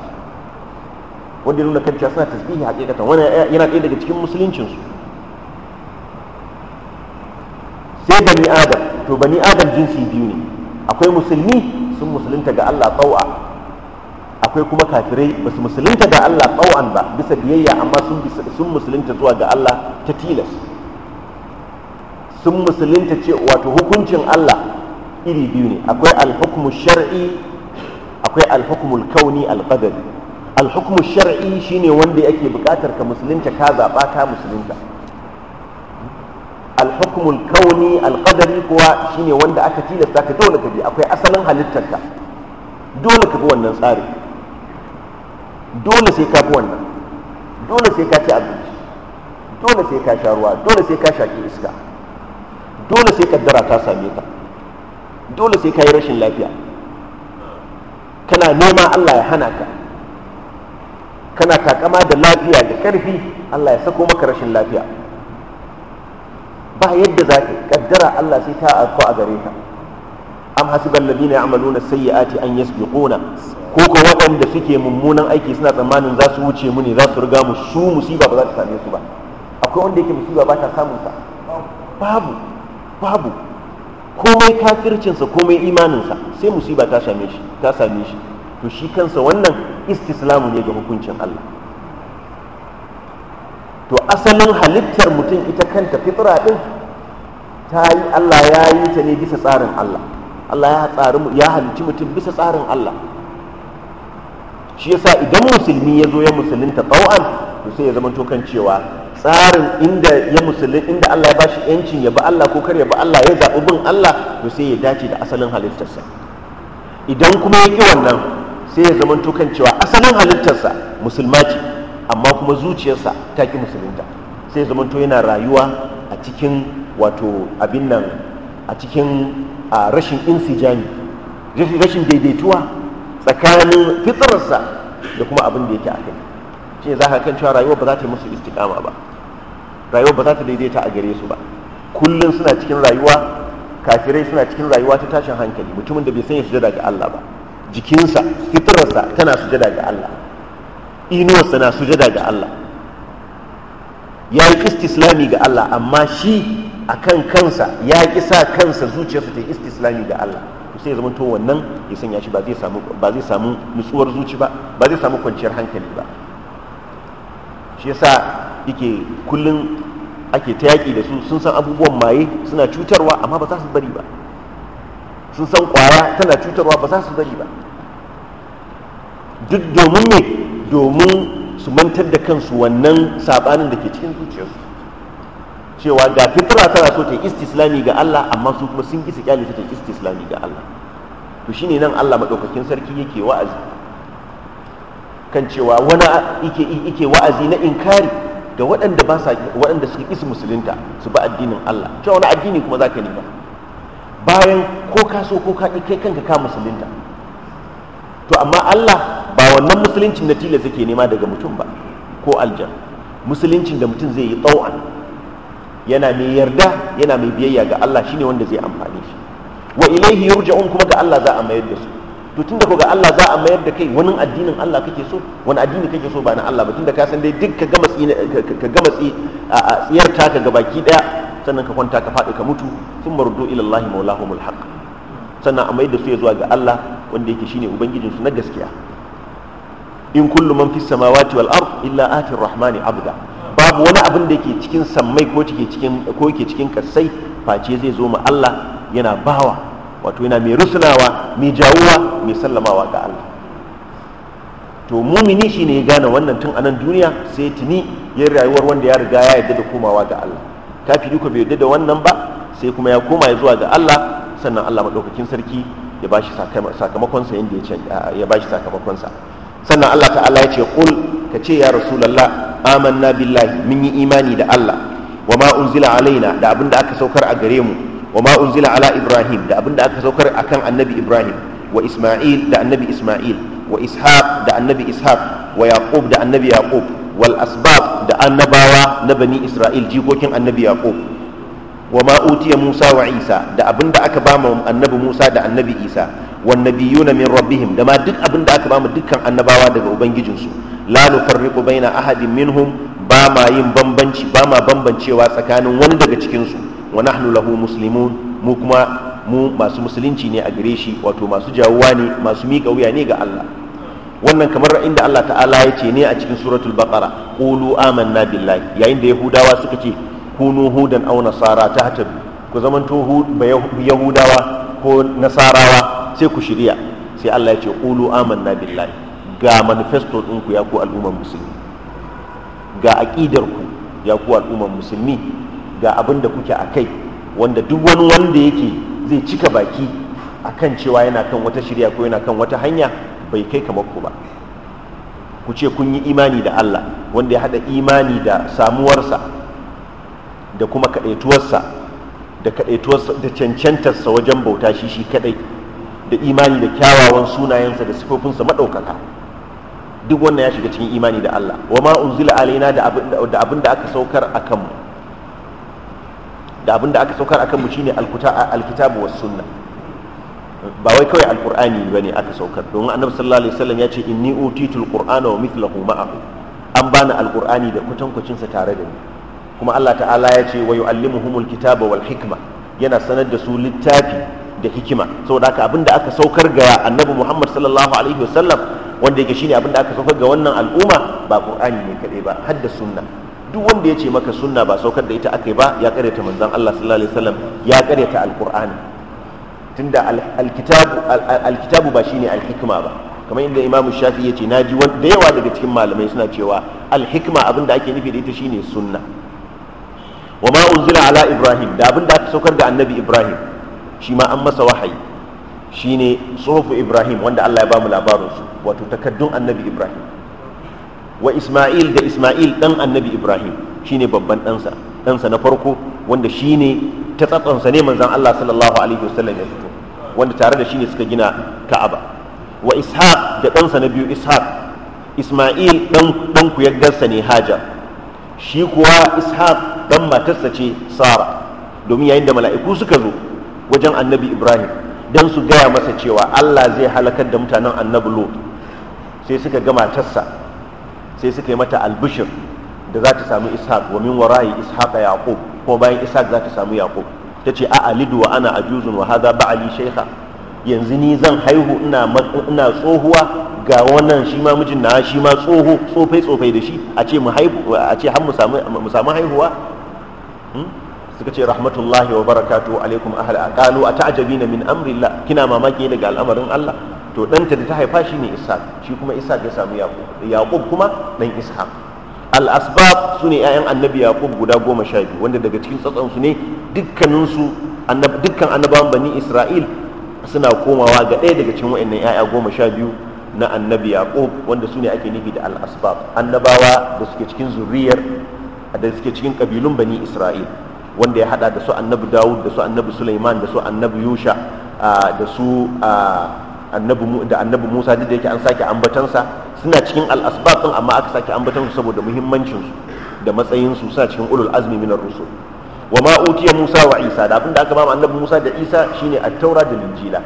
wanda nuna kan cewa suna tasbihi hakikatan wannan yana ɗaya daga cikin musuluncin su sai bani adam to bani adam jinsi biyu ne akwai musulmi sun musulunta ga Allah tsawa akwai kuma kafirai ba su musulunta ga Allah tsawon ba bisa biyayya amma sun musulunta zuwa ga Allah ta tilas sun musulunta ce wato hukuncin Allah iri biyu ne akwai alhukumu shar'i akwai alhukmul kauni alqadari alhukumu shar'i shine wanda yake bukatar ka musulunta ka zaba ka musulunta alhukumu kauni alqadari kuwa shine wanda aka tilasta ka dole ka bi akwai asalin halittarka dole ka bi wannan tsari dole sai ka fi wannan dole sai ka ci abinci dole sai ka sha ruwa dole sai ka shaki iska dole sai kaddara ta same ka dole sai ka yi rashin lafiya kana nema Allah ya hana ka kana takama da lafiya da karfi Allah ya sako maka rashin lafiya ba yadda za ka kaddara Allah sai ta afko a gare ka am hasiban ladina ya'maluna sayyi'ati an yasbiquna ko ko waɗanda suke mummunan aiki suna tsammanin za su wuce mu ne za su riga mu su musiba ba za ta same su ba akwai wanda yake musiba ba ta samun sa babu babu komai kafircinsa komai imaninsa sai musiba ta same shi ta same shi to shi kansa wannan istislamu ne ga hukuncin Allah to asalin halittar mutum ita kanta fitra din ta yi Allah ya yi ta ne bisa tsarin Allah Allah ya tsari ya halicci mutum bisa tsarin Allah shi yasa idan musulmi ya zo ya musulunta tsawon to sai ya zama tokan cewa tsarin inda ya musulun inda Allah ya bashi yancin ya ba Allah ko kar ya ba Allah ya zaɓi bin Allah to sai ya dace da asalin halittarsa idan kuma ya ƙi wannan sai ya zama tokan cewa asalin halittarsa musulma ce amma kuma zuciyarsa ta ƙi musulunta sai ya zama to yana rayuwa a cikin wato abin nan a cikin a rashin insijami rashin daidaituwa tsakanin fitararsa da kuma abin da yake a kai shi ne za ka kan cewa rayuwa ba za ta yi musu istiqama ba rayuwa ba za ta daidaita a gare su ba kullum suna cikin rayuwa kafirai suna cikin rayuwa ta tashin hankali mutumin da bai san ya sujada ga Allah ba jikinsa fitararsa tana sujada ga Allah inuwarsa na sujada ga Allah ya yi istislami ga Allah amma shi a kan kansa ya ƙi sa kansa zuciyarsa ta yi istislami ga Allah to sai ya zama to wannan ya sanya shi ba zai samu nutsuwar zuci ba ba zai samu kwanciyar hankali ba shi yasa yake kullun ake ta yaƙi da su sun san abubuwan maye suna cutarwa amma ba za su bari ba sun san ƙwara tana cutarwa ba za su bari ba duk domin ne domin su mantar da kansu wannan saɓanin da ke cikin zuciyarsu cewa ga fitra tana so ta istislami ga Allah amma su kuma sun kisa kyale ta istislami ga Allah to shine nan Allah madaukakin sarki yake wa'azi kan cewa wani yake wa'azi na inkari ga waɗanda ba sa waɗanda suka kisa musulunta su ba addinin Allah cewa wani addini kuma zaka nema bayan ko ka so ko ka kai kanka ka musulunta to amma Allah ba wannan musuluncin na tilas yake nema daga mutum ba ko aljan musuluncin da mutum zai yi tsau'an yana mai yarda yana mai biyayya ga Allah shine wanda zai amfane shi wa ilaihi yurja'un kuma ga Allah za a mayar da su to tunda ko ga Allah za a mayar da kai wani addinin Allah kake so wani addini kake so ba na Allah ba tunda ka san dai duk ka gama ka gama tsiyar ta ka gabaki daya sannan ka kwanta ka faɗi ka mutu sun marudu ila Allah maulahumul haqq sannan a mayar da su ya zuwa ga Allah wanda yake shine ubangijin su na gaskiya in kullu man fis samawati wal ard illa atir rahmani abda babu wani abin da ke cikin sammai ko ke cikin ko ke cikin kasai face zai zo ma Allah yana bawa wato yana mai rusunawa mai jawowa mai sallamawa ga Allah to mumini shine ya gane wannan tun anan duniya sai tuni yin rayuwar wanda ya riga ya yarda da komawa ga Allah kafiri ko bai yarda da wannan ba sai kuma ya koma ya zuwa ga Allah sannan Allah madaukakin sarki ya bashi sakamakon sa yanda ya ya bashi sakamakon sa sannan Allah ta'ala ya ce qul ka ce ya rasulullah amanna billahi mun yi imani da Allah wa ma unzila alaina da abin da aka saukar a gare mu wa ma unzila ala ibrahim da abin da aka saukar akan annabi ibrahim wa isma'il da annabi isma'il wa ishaq da annabi ishaq wa yaqub da annabi yaqub wal asbab da annabawa na bani isra'il jikokin annabi yaqub wa ma utiya musa wa isa da abin da aka ba annabi musa da annabi isa wan nabiyuna min rabbihim da ma duk abin da aka mu dukkan annabawa daga ubangijinsu la nufarriqu baina ahadin minhum ba ma yin bambanci ba ma bambancewa tsakanin wani daga cikin su wa nahnu lahu muslimun mu kuma mu masu musulunci ne a gare shi wato masu jawuwa ne masu miƙa wuya ne ga Allah wannan kamar inda Allah ta'ala ya ce ne a cikin suratul baqara qulu amanna billahi yayin da yahudawa suka ce kunu hudan aw nasara tahtadu ku zamanto yahudawa ko nasarawa sai ku shirya sai Allah ya ce aman amanna billahi ga manifesto ɗinku ya ku al'ummar musulmi ga aƙidar ku ya ku al'ummar musulmi ga abin da kuke a kai wanda duk wani wanda yake zai cika baki akan cewa yana kan wata shirya ko yana kan wata hanya bai kai kamar ku ba ku ce kun yi imani da Allah wanda ya haɗa imani da samuwarsa da kuma kadaituwarsa da kaɗaituwarsa da cancantarsa wajen bauta shi shi kaɗai da imani da kyawawan sunayensa da sifofinsa maɗaukaka duk wannan ya shiga cikin imani da Allah wa ma unzila alaina da abin da aka saukar a kanmu da abin da aka saukar akan mu shine alkitabu was sunna ba wai kawai alqur'ani bane aka saukar domin annabi sallallahu alaihi wasallam ya ce inni utitul qur'ana wa mithluhu ma'ahu an bani alqur'ani da kwatankwacin sa tare da ni kuma Allah ta'ala ya ce wa yu'allimuhumul kitaba wal hikma yana sanar da su littafi da hikima saboda haka abinda aka saukar ga annabi Muhammad sallallahu alaihi wasallam wanda yake shine abinda aka saukar ga wannan al'umma ba Qur'ani ne kadai ba har da sunna duk wanda ya ce maka sunna ba saukar da ita akai ba ya karyata manzon Allah sallallahu alaihi wasallam ya karyata alqur'ani tunda alkitabu alkitabu ba shine alhikma ba kamar inda imamu shafi ya ce na ji da yawa daga cikin malamai suna cewa alhikma abinda ake nufi da ita shine sunna wa ma unzila ala ibrahim da abinda aka saukar ga annabi ibrahim shi ma an masa wahayi shine tsofu ibrahim wanda allah ya ba bamu labarinsu wato takaddun annabi ibrahim wa isma'il da isma'il dan annabi ibrahim shine babban ɗansa ɗansa na farko wanda shine ta tsatsansa ne manzan allah sallallahu alaihi wasallam ya fito wanda tare da shi ne suka gina ka'aba wa ishaq da ɗansa na biyu ishaq isma'il ɗan kuyaggarsa ne hajar shi kuwa ishaq ɗan matarsa ce sara domin yayin da mala'iku suka zo wajen annabi ibrahim don su gaya masa cewa allah zai halakar da mutanen annabi lot sai suka ga matarsa sai suka yi mata albishir da za ta samu ishaq wa min warayi ishaq yaqub ko bayan ishaq za ta samu yaqub ta ce a alidu wa ana ajuzun wa ba ba'ali shaykha yanzu ni zan haihu ina ina tsohuwa ga wannan shi ma mijin na shi ma tsoho tsofai tsofai da shi a ce mu haihu mu samu haihuwa hmm? suka ce rahmatullahi wa barakatu alaikum ahal aqalu ata'jabina min amrillah kina mamaki daga al'amarin Allah to danta da ta haifa shi ne ishaq shi kuma ishaq ya samu yaqub yaqub kuma dan ishaq al asbab sune ƴaƴan annabi yaqub guda goma sha biyu wanda daga cikin tsatsan su ne dukkanin su dukkan annabawan bani isra'il suna komawa ga ɗaya daga cikin wa'annan ƴaƴa goma sha biyu na annabi yaqub wanda sune ake nufi da al asbab annabawa da suke cikin zuriyar da suke cikin kabilun bani isra'il wanda ya hada da su annabi dawud da su annabi suleiman da su annabi yusha da su da annabi musa duk da yake an sake ambatansa suna cikin al'asbab din amma aka sake ambatansu saboda muhimmancinsu da matsayinsu suna cikin ulul azmi minar rusul wa ma utiya musa wa isa da abinda aka ba annabi musa da isa shine at-taura da injila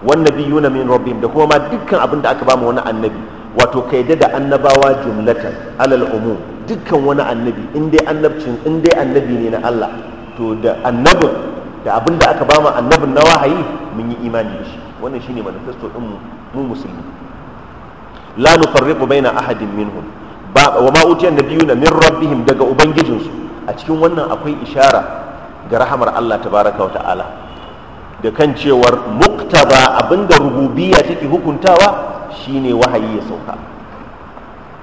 wan nabiyuna min rabbihim da kuma ma dukkan abinda aka ba wani annabi wato kaida da annabawa jumlatan alal umum dukkan wani annabi in dai annabcin in dai annabi ne na Allah to da annabin da abin da aka bama annabin na wahayi mun yi imani da shi wannan shine manifesto din mu musulmi la nufarriqu baina ahadin minhum ba wa ma utiya nabiyuna min rabbihim daga ubangijinsu a cikin wannan akwai ishara ga rahamar Allah tabaraka wa ta'ala da kan cewar muktaba abinda rububiyya take hukuntawa shine wahayi ya sauka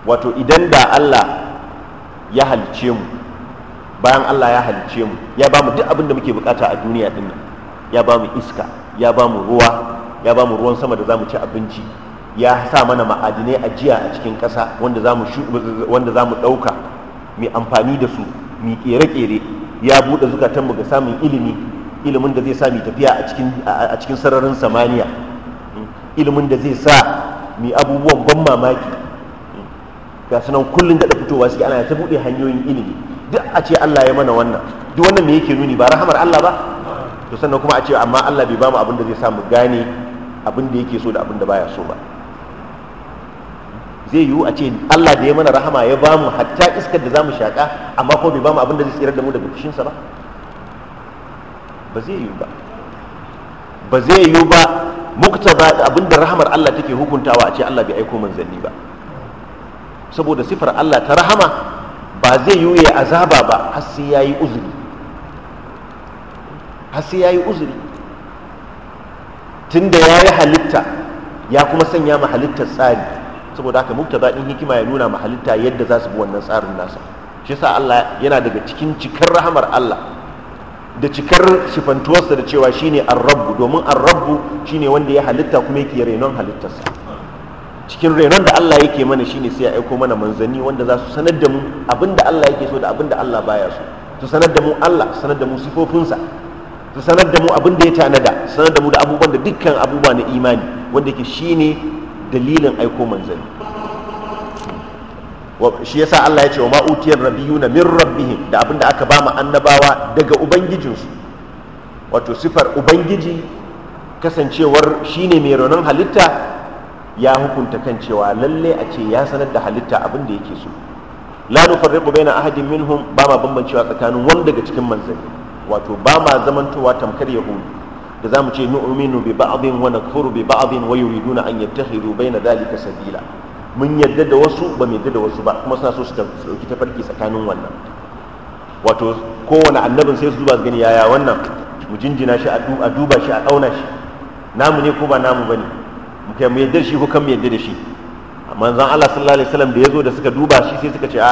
wato idan da Allah ya halice mu bayan Allah ya halice mu ya ba mu duk abin da muke bukata a duniya din nan ya ba mu iska ya ba mu ruwa ya ba mu ruwan sama da za mu ci abinci ya sa mana ma'adinai ajiya a cikin ƙasa wanda za mu ɗauka mai amfani da su mai ƙere-ƙere ya buɗe zukatanmu ga samun ilimi ilimin da zai sa mai tafiya a cikin sararin samaniya hmm, ilimin da zai sa mai abubuwan ban mamaki ga sunan kullum da fitowa suke ana ta buɗe hanyoyin ilimi duk a ce Allah ya mana wannan duk wannan me yake nuni ba rahamar Allah ba to sannan kuma a ce amma Allah bai bamu abin da zai samu gane abin da yake so da abin da baya so ba zai yiwu a ce Allah da ya mana rahama ya bamu hatta iskar da zamu shaka amma ko bai bamu abin da zai tsirar da mu daga fushinsa ba ba zai yiwu ba ba zai yiwu ba muktaba abin da rahamar Allah take hukuntawa a ce Allah bai aiko manzanni ba saboda sifar Allah ta rahama ba zai yi ya azaba ba har sai yayi uzuri har sai yayi uzuri tunda yayi halitta ya kuma sanya ma halittar tsari saboda haka mubtada din hikima ya nuna ma halitta yadda za su bi wannan tsarin nasa shi yasa Allah yana daga cikin cikar rahamar Allah da cikar shifantuwarsa da cewa shine ar-rabbu domin ar-rabbu shine wanda ya halitta kuma yake renon halittarsa cikin renon da Allah yake mana shine sai ya aiko mana manzanni wanda za su sanar da mu abinda Allah yake so da abinda Allah baya so su sanar da mu Allah su sanar da mu sifofinsa su sanar da mu abinda ya tanada sanar da mu da abubuwan da dukkan abubuwa na imani wanda yake shine dalilin aiko manzanni shi yasa Allah ya ce wa ma'utiyar rabiyuna min rabbihim da abinda aka ba mu annabawa daga ubangijinsu wato sifar ubangiji kasancewar shine mai ranar halitta ya hukunta kan cewa lalle a ce ya sanar da halitta abin da yake so la nufarriqu baina ahadin minhum ba ma bambancewa tsakanin wani daga cikin manzanni wato ba ma zamantowa tamkar yahudu da zamu ce nu'minu bi ba'din wa nakfuru bi ba'din wa yuriduna an yattakhidu baina dhalika sabila mun yadda da wasu ba mu da wasu ba kuma suna so su dauki tafarki tsakanin wannan wato kowane annabin sai su duba su gani yaya wannan mu jinjina shi a duba shi a kauna shi namu ne ko ba namu bane kai mu yadda shi ko kan mu yadda da shi manzon Allah sallallahu alaihi wasallam da yazo da suka duba shi sai suka ce a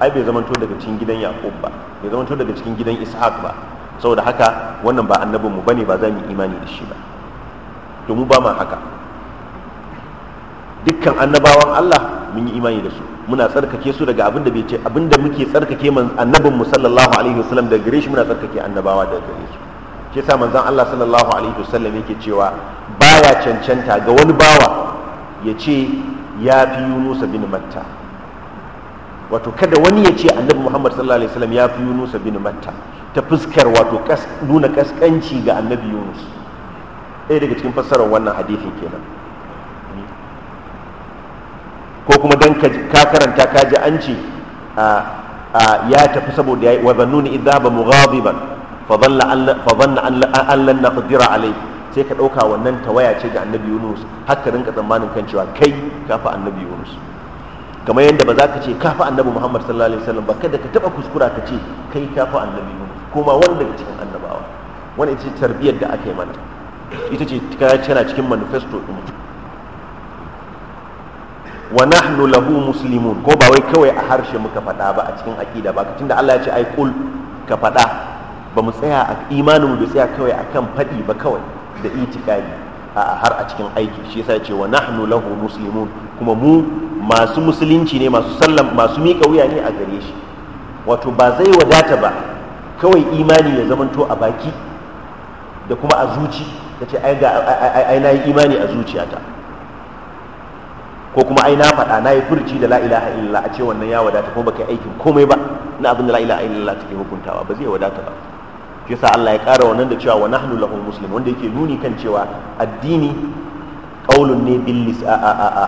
ai bai zamanto daga cikin gidan Yaqub ba bai zamanto daga cikin gidan Ishaq ba saboda haka wannan ba annabin mu bane ba za mu imani da shi ba to mu ba ma haka dukkan annabawan Allah mun yi imani da su muna tsarkake su daga abinda da bai ce abinda muke tsarkake annabin mu sallallahu alaihi wasallam daga gare shi muna tsarkake annabawa daga gare shi shi yasa manzon Allah sallallahu alaihi wasallam yake cewa baya cancanta ga wani bawa ya ce ya fi yunusa bin matta wato kada wani ya ce annabi muhammad sallallahu alaihi wasallam ya fi yunusa bin matta ta fuskar wato nuna kaskanci ga annabi yunus ɗaya daga cikin fassarar wannan hadithin kenan ko kuma dan ka karanta ka ji an ce ya tafi saboda ya yi wa zannuni idza ba mu mughadiban fa zanna an lan naqdira alayhi sai ka ɗauka wannan tawaya ce ga annabi yunus har ka rinka tsammanin kan cewa kai kafa annabi yunus kamar yadda ba za ka ce kafa annabi muhammad sallallahu alaihi wasallam ba kada ka taɓa kuskura ka ce kai kafa annabi yunus kuma wani daga cikin annabawa wani ita ce tarbiyyar da aka yi mana ita ce tana cikin manifesto ɗin wa nahnu lahu muslimun ko ba wai kawai a harshe muka faɗa ba a cikin aƙida ba da Allah ya ce ai kul ka faɗa ba mu tsaya a imanin mu bai tsaya kawai akan faɗi ba kawai da itikadi a har a cikin aiki shi yasa ce wa nahnu lahu muslimun kuma mu masu musulunci ne masu sallam masu miƙa wuya ne a gare shi wato ba zai wadata ba kawai imani ya zamanto a baki da kuma a zuci ta ce ai na yi imani a zuciyata ko kuma ai na faɗa na yi furci da la'ilaha illallah a ce wannan ya wadata kuma baka aikin komai ba na abin da la'ilaha illallah take hukuntawa ba zai wadata ba shi yasa Allah ya ƙara wannan da cewa wa nahnu lahu muslim wanda yake nuni kan cewa addini qaulun ne bil lisan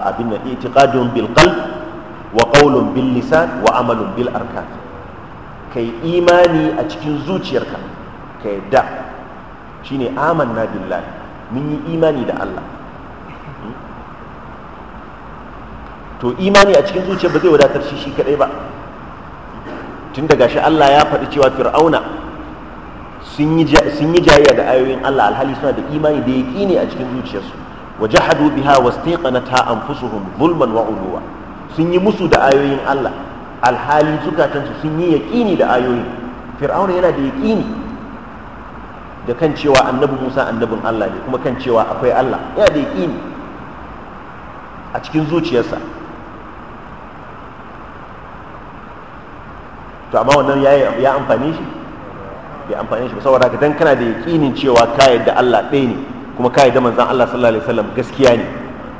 abin nan i'tiqadun bil qalb wa qaulun bil lisan wa amalun bil arkan kai imani a cikin zuciyarka ka yadda shine amanna billahi mun yi imani da Allah hmm? to imani a cikin zuciya ba zai wadatar shi shi kadai ba tun daga shi Allah ya faɗi cewa fir'auna sun yi jayayya da ayoyin Allah alhali suna da imani da ne a cikin zuciyarsu wa jahadu biha ta'an anfusuhum zulman wa uluwa sun yi musu da ayoyin Allah alhali zukatansu sun yi ne da ayoyin fir'auna yana da ne da kan cewa annabi Musa annabin Allah ne kuma kan cewa akwai Allah yana da ne a cikin zuciyarsa to amma wannan ya amfane shi bai amfani shi ba saboda haka dan kana da yaƙinin cewa ka yadda Allah ɗaya ne kuma ka yadda manzon Allah sallallahu alaihi wasallam gaskiya ne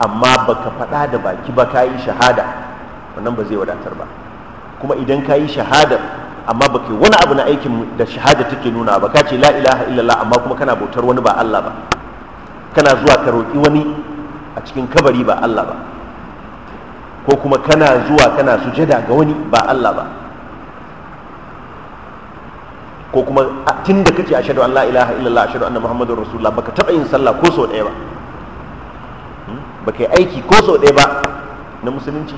amma baka faɗa da baki ba ka shahada wannan ba zai wadatar ba kuma idan ka yi amma baka wani abu na aikin da shahada take nuna ba ka ce la ilaha illallah amma kuma kana bautar wani ba Allah ba kana zuwa ka roƙi wani a cikin kabari ba Allah ba ko kuma kana zuwa kana sujada ga wani ba Allah ba ko kuma tun da kake ashadu an la illallah ashadu anna muhammadun rasulullah baka taɓa yin sallah ko sau ɗaya ba hmm? baka yi aiki ko sau ɗaya ba na musulunci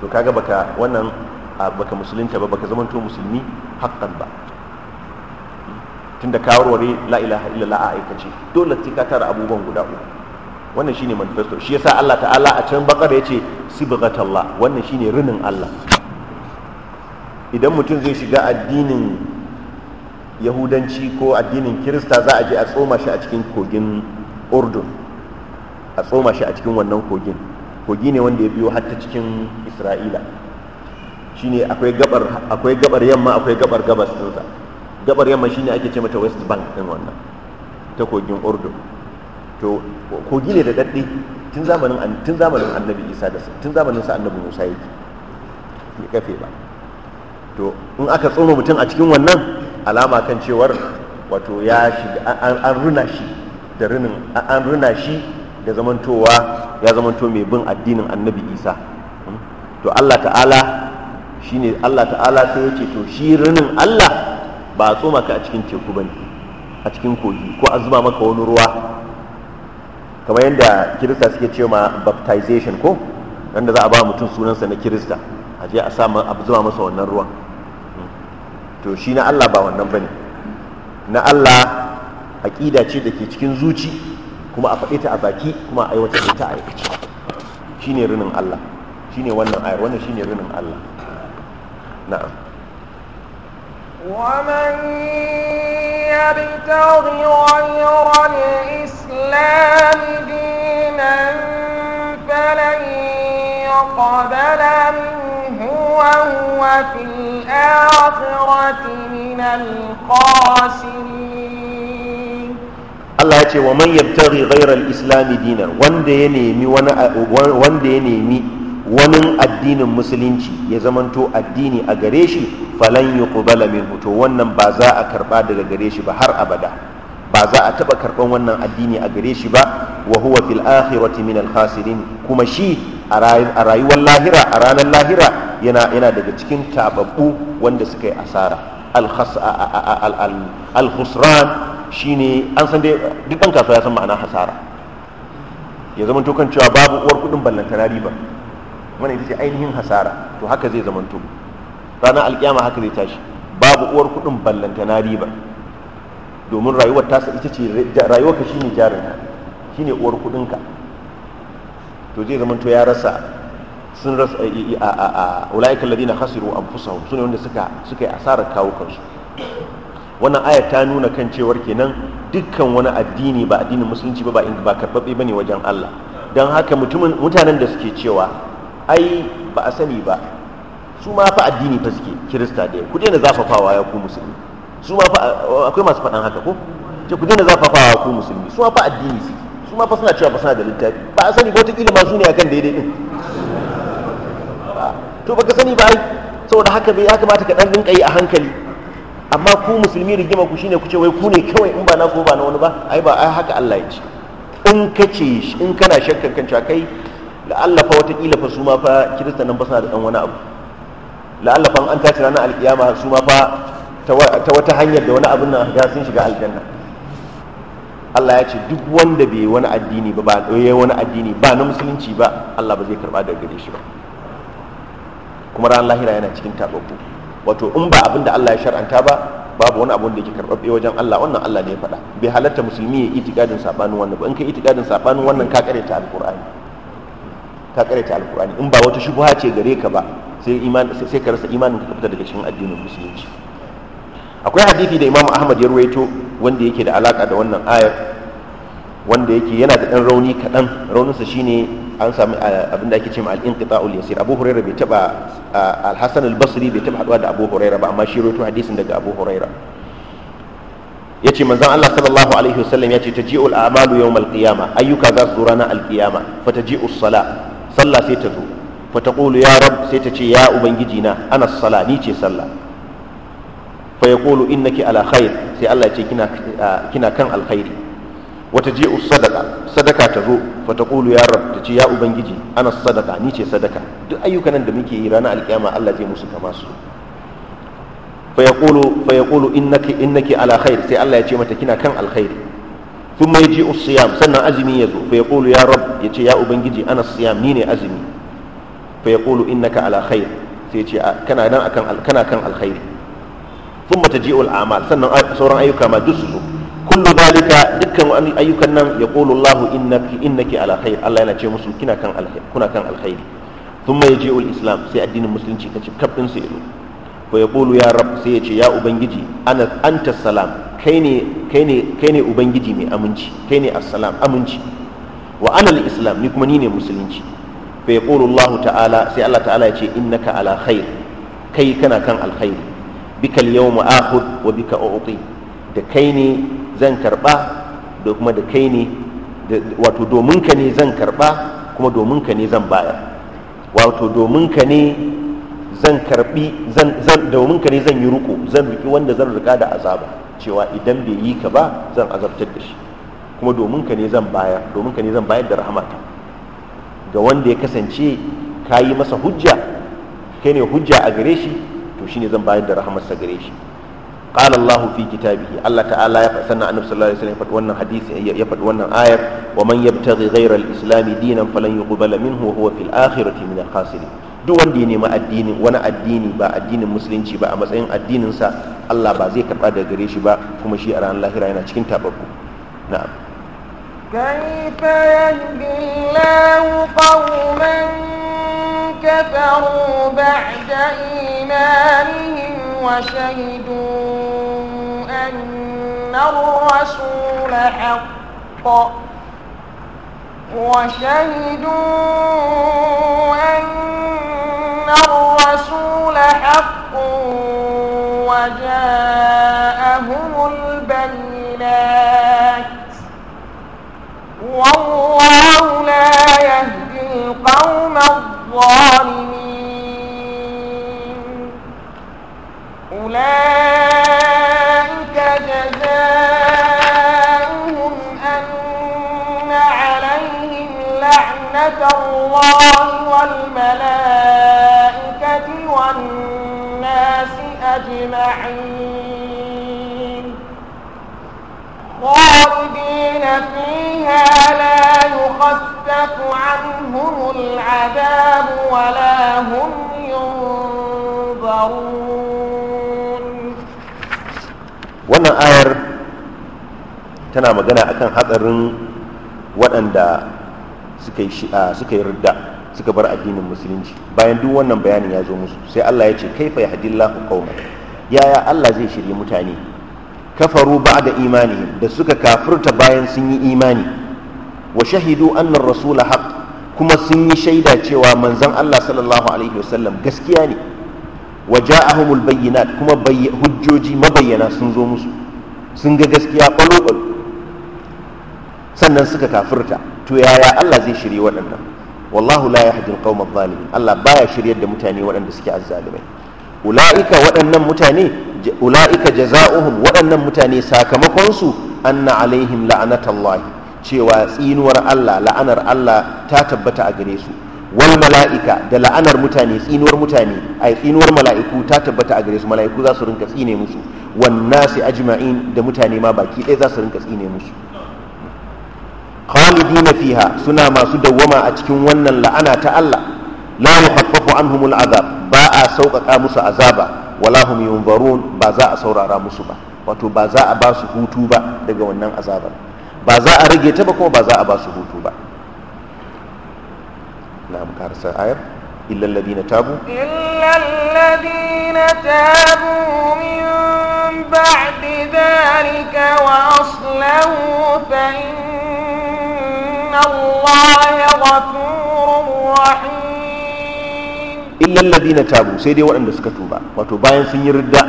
to kaga baka wannan baka musulunta ba baka zamanto musulmi haƙƙan ba hmm? tun da kawarware la illallah a aikace dole sai ka tara abubuwan guda uku wannan shine manifesto shi yasa Allah ta'ala a can bakar ce sibghatallah wannan shine rinin Allah idan mutum zai shiga addinin yahudanci ko addinin kirista za a je a tsoma shi a cikin kogin urdun a tsoma shi a cikin wannan kogin kogi ne wanda ya biyo hatta cikin isra'ila shine akwai gabar akwai gabar yamma akwai gabar gabas dinsa gabar yamma shine ake ce mata west bank din wannan ta kogin urdun to kogi ne da daddi tun zamanin annabi isa da tun zamanin sa annabi musa yake bai kafe ba to in aka tsoma mutum a cikin wannan alama kan cewar wato ya shiga an runa shi da rinin an runa shi da zamantowa ya zamanto mai bin addinin annabi isa hmm? to allah ta'ala ne allah ta'ala sai ya to shi rinin allah ba a tsoma ka a cikin teku ba ne a cikin kogi ko a zuba maka wani ruwa kamar yadda kirista suke ce ma baptization ko wanda za a ba mutum sunansa na kirista a je a a zuba masa wannan ruwan to shi na Allah ba wannan bane na Allah aƙida ce da ke cikin zuci kuma a faɗe ta a baki kuma a aiwatar da ta a aikace shine rinin Allah shine wannan ayar wannan shine rinin Allah na'am ومن يبتغي غير الإسلام دين Allah ya ce wa man yabtaghi ghayra al-islam wanda ya nemi wani wanda ya nemi wani addinin musulunci ya zamanto addini a gare shi falan yuqbala minhu to wannan ba za a karba daga gare shi ba har abada ba za a taba karban wannan addini a gare shi ba wa huwa fil akhirati min al khasirin kuma shi a rayuwar lahira a ranar lahira yana yana daga cikin tababbu wanda suka yi asara al shi ne an san dai duk ɗan kasuwa ya san ma'ana hasara ya zama to kan cewa babu uwar kuɗin ballantana riba wani ita ce ainihin hasara to haka zai zama to ranar alkiyama haka zai tashi babu uwar kuɗin ballantana riba domin rayuwar tasa ita ce ne shine shi ne uwar kuɗinka to zai zama to ya rasa sun rasa eh, eh, eh, a ulaika alladhina khasiru anfusahum sune wanda suka suka yi asarar kawo kansu wannan aya ta nuna kan cewar kenan dukkan wani addini ba addinin musulunci ba ba in ba karbabbe bane wajen Allah dan haka mutumin mutanen da suke cewa ai ba a sani ba su ma fa addini fa suke kirista da ku daina zafafawa ya ku musulmi su ma fa akwai masu faɗan haka ko ce ku daina zafafawa ku musulmi su ma fa addini suke su ma fa suna cewa ba suna da littafi ba a sani ba kila ma su ne akan daidai din to baka sani ba ai saboda haka bai ya kamata ka dan rinka yi a hankali amma ku musulmi rigima ku shine ku ce wai ku ne kawai in ba na ko ba na wani ba ai ba ai haka Allah ya ce in ka ce in kana shakkan kan kai Allah fa wata kila fa su ma fa kirista nan ba suna da dan wani abu Allah fa an tashi ranar alkiyama su ma fa ta wata hanyar da wani abin nan ya sun shiga aljanna Allah ya ce duk wanda bai wani addini ba ba wani addini ba na musulunci ba Allah ba zai karba daga gare shi ba kuma ran lahira yana cikin tababbu wato in ba abin da Allah ya shar'anta ba babu wani abin da yake karbabbe wajen Allah wannan Allah ne ya faɗa bai halatta musulmi ya itikadin sabanin wannan ba in kai itikadin sabanin wannan ka karanta alqur'ani ka karanta alqur'ani in ba wata shubha ce gare ka ba sai iman sai ka rasa imanin ka fita daga cikin addinin musulunci akwai hadisi da Imam Ahmad ya ruwaito wanda yake da alaka da wannan ayar wanda yake yana da ɗan rauni kaɗan rauninsa shine an sami abin da ake cewa al-inqita'ul yasir Abu Hurairah bai taba al-Hasan al-Basri bai taba haduwa da Abu Hurairah ba amma shi rawaito hadisin daga Abu Hurairah yace manzon Allah sallallahu alaihi wasallam yace taji'ul a'malu yawmal qiyama ayyuka za su rana al-qiyama fataji'us sala sallah sai ta zo fataqulu ya rab sai ta ce ya ubangiji na ana sallah ni ce sallah fa yaqulu innaki ala khair sai Allah ya ce kina kina kan alkhairi wata je sadaka sadaka ta zo fata ta ya rab ta ce ya ubangiji ana sadaka ni ce sadaka duk ayyukan da muke yi ranar alkiyama Allah zai musu kama su fa yaqulu fa yaqulu innaki innaki ala khair sai Allah ya ce mata kina kan alkhairi thumma yaji usiyam sannan azumi ya zo fa yaqulu ya rab ya ce ya ubangiji ana siyam ni ne azumi fa yaqulu innaka ala khair sai ya ce kana nan akan kana kan alkhairi thumma taji'ul a'mal sannan sauran ayyuka ma duk su zo kullu zalika dukkan ayyukan nan ya qulu Allahu innaki innaki ala khair Allah yana ce musu kina kan alkhair kuna kan alkhairi thumma islam sai addinin musulunci kace kaf din sai yazo fa yaqulu ya rab sai ya ce ya ubangiji ana anta salam kai ne ubangiji mai aminci kai ne assalam aminci wa ana islam ni kuma ni ne musulunci fa yaqulu Allah ta'ala sai Allah ta'ala ya ce innaka ala kai kana kan alkhairi bikal yawma akhud wa bika u'ti da kai ne zan karba da kuma da kai ne wato domin ka ne zan karba kuma domin ka ne zan bayar wato domin ka ne zan karbi zan domin ka ne zan yi ruku zan riki wanda zan ruka da azaba cewa idan bai yi ka ba zan azabtar da shi kuma domin ka ne zan bayar domin ka ne zan bayar da rahamata ga wanda ya kasance ka yi masa hujja kai ne hujja a gare shi to shine zan bayar da rahamarsa gare shi قال الله في كتابه الله تعالى سنة عن صلى الله عليه وسلم يفت ونن حديث يفت آية ومن يبتغي غير الإسلام دينا فلن يقبل منه وهو في الآخرة من الخاسرين دون ديني ما الديني وانا الديني با الدين المسلم شبا أما سين الدين انسى الله بازي كبادة قريش با كما شيء أران الله رأينا چكين تابقو نعم كيف يهدي الله قوما كفروا بعد إيمانهم وشهدوا أن الرسول حق وشهدوا أن الرسول حق وجاءهم البينات والله لا يهدي القوم الظالمين الله والملائكة والناس أجمعين خالدين فيها لا يخفف عنهم العذاب ولا هم ينظرون wannan ayar tana magana akan hatsarin waɗanda suka yi suka yi ridda suka bar addinin musulunci bayan duk wannan bayanin ya zo musu sai Allah ya ce kaifa yahdillahu qauman yaya Allah zai shirye mutane kafaru ba'da imani da suka kafirta bayan sun yi imani wa shahidu anna rasula haqq kuma sun yi shaida cewa manzon Allah sallallahu alaihi wasallam gaskiya ne wa ja'ahumul bayyinat kuma hujjoji mabayyana sun zo musu sun ga gaskiya kwalo sannan suka kafirta to yaya Allah zai shirye waɗannan wallahu la yahdi alqawma adh Allah baya shiryar da mutane waɗanda suke azzalimai ulaika waɗannan mutane ulaika jazaohum waɗannan mutane sakamakon su anna alaihim la'anatullahi cewa tsinuwar Allah la'anar Allah ta tabbata a gare su wal mala'ika da la'anar mutane tsinuwar mutane ai tsinuwar mala'iku ta tabbata a gare su mala'iku za su rinka tsine musu wan nasi ajma'in da mutane ma baki ɗaya za su rinka tsine musu khalidina fiha suna masu dawwama a cikin wannan la'ana ta Allah la yukhaffafu anhumul azab ba a sauƙaƙa musu azaba wala hum yunzarun ba za a saurara musu ba wato ba za a ba su hutu ba daga wannan azabar ba za a rage ta ba kuma ba za a ba su hutu ba tabu tabu الله غفور tabu sai dai waɗanda suka tuba wato bayan sun yi ridda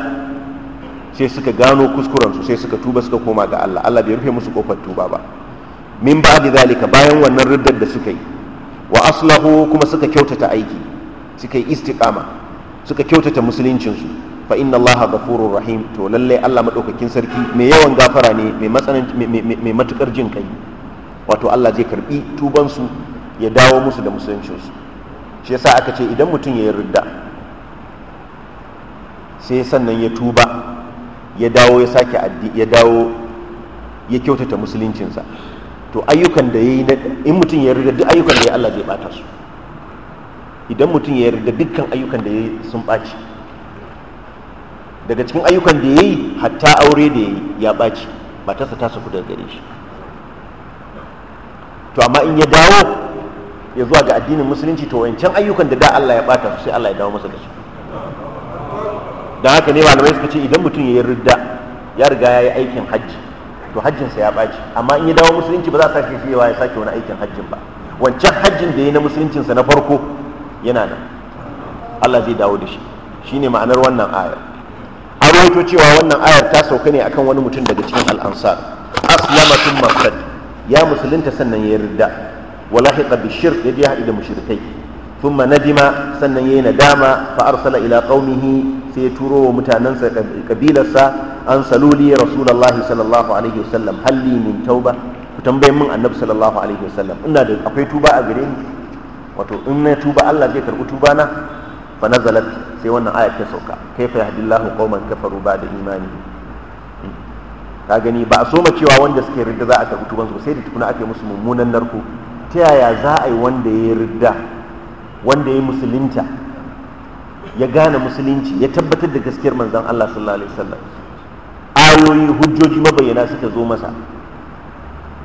sai suka gano kuskurensu sai suka tuba suka koma ga Allah Allah bai rufe musu kofar tuba ba min ba da zalika bayan wannan riddar da suka yi wa aslahu kuma suka kyautata aiki suka yi istiqama suka kyautata musuluncinsu fa inna allaha ghafurur rahim to lalle Allah madaukakin sarki mai yawan gafara ne mai matsanan mai matukar jin kai wato Allah zai karbi tubansu ya dawo musu da musuluncinsu shi yasa aka ce idan mutum ya yi ridda sai sannan ya tuba ya dawo ya sake ya dawo ya kyautata musuluncinsa to ayyukan da ya yi in mutum ya ridda duk ayyukan da ya Allah zai bata su idan mutum ya ridda dukkan ayyukan da ya yi sun ɓaci daga cikin ayyukan da ya yi hatta aure da ya ya ɓaci matarsa ta saku daga gare shi to amma in ya dawo ya zuwa ga addinin musulunci to wancan ayyukan da da Allah ya bata sai Allah ya dawo masa da su dan haka ne malamai suka ce idan mutum ya yi ridda ya riga ya yi aikin hajji to hajjinsa ya ɓaci amma in ya dawo musulunci ba za ta sake ya sake wani aikin hajjin ba wancan hajjin da ya na sa na farko yana nan Allah zai dawo da shi shine ma'anar wannan ayar an rawaito cewa wannan ayar ta sauka ne akan wani mutum daga cikin al'ansar aslama tun ya musulunta sannan ya yarda walahi bi shirk yaje ya haɗu da mushrikai thumma nadima sannan yayi nadama fa arsala ila qaumihi sai ya turo wa mutanansa kabilarsa an saluli rasulullahi sallallahu alaihi wasallam halli min tauba ku tambaye min annabi sallallahu alaihi wasallam ina da akwai tuba a gare ni wato in na tuba Allah zai karɓi tuba na fa nazalat sai wannan ayat ta sauka kaifa yahdillahu qauman kafaru ba da imani ka gani ba a soma cewa wanda suke ridda za a tabi su sai da tukuna ake musu mummunan narko ta yaya za a yi wanda ya ridda wanda ya musulunta ya gane musulunci ya tabbatar da gaskiyar manzan Allah sallallahu alaihi wasallam ayoyi hujjoji mabayyana suka zo masa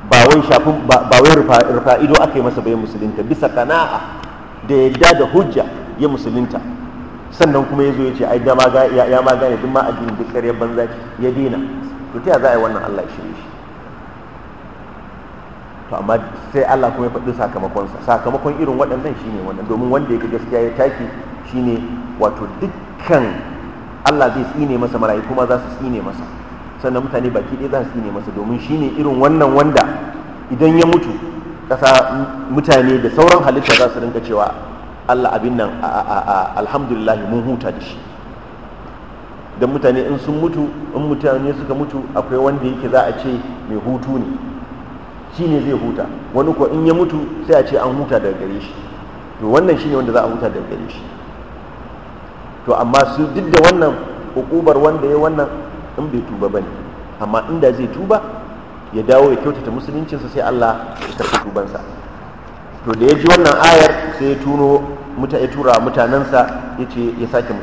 ba wai shafin ba wai rufa ido aka yi masa bai musulunta bisa kana'a da yadda da hujja ya musulunta sannan kuma ya zo ya ce ai dama ya ma gane duk ma addini duk banza ya daina to ta za a yi wannan Allah ya shirye shi to amma sai Allah kuma ya faɗi sakamakonsa sakamakon irin waɗannan shine wannan domin wanda ya ga gaskiya ya take shine wato dukkan Allah zai tsine masa marayi kuma za su tsine masa sannan mutane baki ɗaya za su tsine masa domin shine irin wannan wanda idan ya mutu ƙasa mutane da sauran halitta za su rinka cewa Allah abin nan alhamdulillah mun huta da shi Da mutane in sun mutu in mutane suka mutu akwai wanda yake za a ce mai hutu ne shi ne zai huta wani ko in ya mutu sai a ce an huta daga gare shi to wannan shi ne wanda za a huta daga gare shi to amma su duk da wannan hukubar wanda ya wannan in bai tuba ba ne amma inda zai tuba ya dawo ya kyautata musuluncinsa sai allah ya tafi tubansa to da ya ji wannan ayar sai ya tuno muta ya tura mutanensa ce ya sake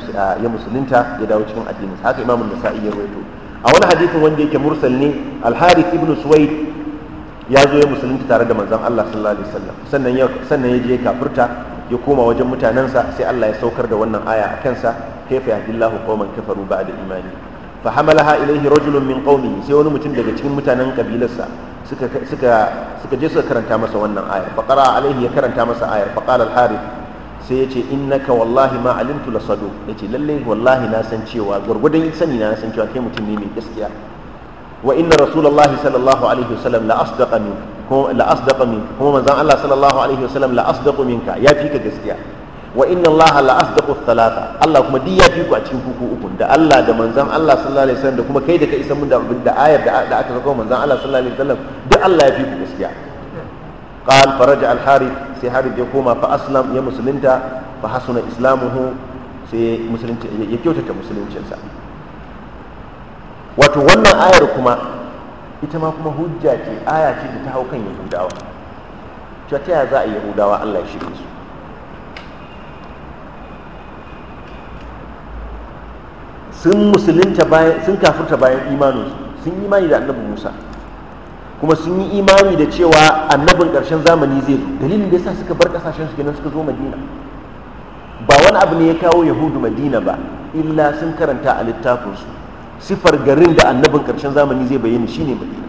ya musulunta ya dawo cikin addinin haka imamu nasa'i ya rawaito a wani hadisin wanda yake mursal ne al ibn suwaid ya zo ya musulunta tare da manzon Allah sallallahu alaihi wasallam sannan ya sannan ya je kafirta ya koma wajen mutanensa sai Allah ya saukar da wannan aya a kansa kaifa yahdillahu qauman kafaru ba'da imani fa hamalaha ilayhi rajulun min qaumihi sai wani mutum daga cikin mutanen kabilarsa suka suka suka je suka karanta masa wannan aya fa qara alaihi ya karanta masa ayar fa qala sai ya ce innaka wallahi ma alimtu la sadu ya ce lallai wallahi na san cewa gwargwadon sani na san cewa kai mutum ne mai gaskiya wa inna rasulullahi sallallahu alaihi wasallam la asdaqa min la asdaqa min kuma manzon Allah sallallahu alaihi wasallam la asdaqu minka ya fi ka gaskiya wa inna Allah la asdaqu thalatha Allah kuma duk ya fi ku a cikin kuku uku da Allah da manzon Allah sallallahu alaihi wasallam da kuma kai da ka isa mun da abin da ayar da aka saka manzon Allah sallallahu alaihi wasallam duk Allah ya fi ku gaskiya قال فرجع الحارث sai har ya koma fa aslam ya musulunta fa hasuna islamuhu sai musulunci ya kyautata musuluncinsa wato wannan ayar kuma ita ma kuma hujja ce aya ce da ta hau kan yahudawa cewa ta yaya za a yahudawa allah ya shirye su sun musulunta bayan sun kafurta bayan imaninsu sun imani da annabi musa kuma sun yi imani da cewa annabin ƙarshen zamani zai zo dalilin da yasa suka bar ƙasashen su kenan suka zo madina ba wani abu ne ya kawo yahudu madina ba illa sun karanta a littafin su sifar garin da annabin ƙarshen zamani zai bayyana shine madina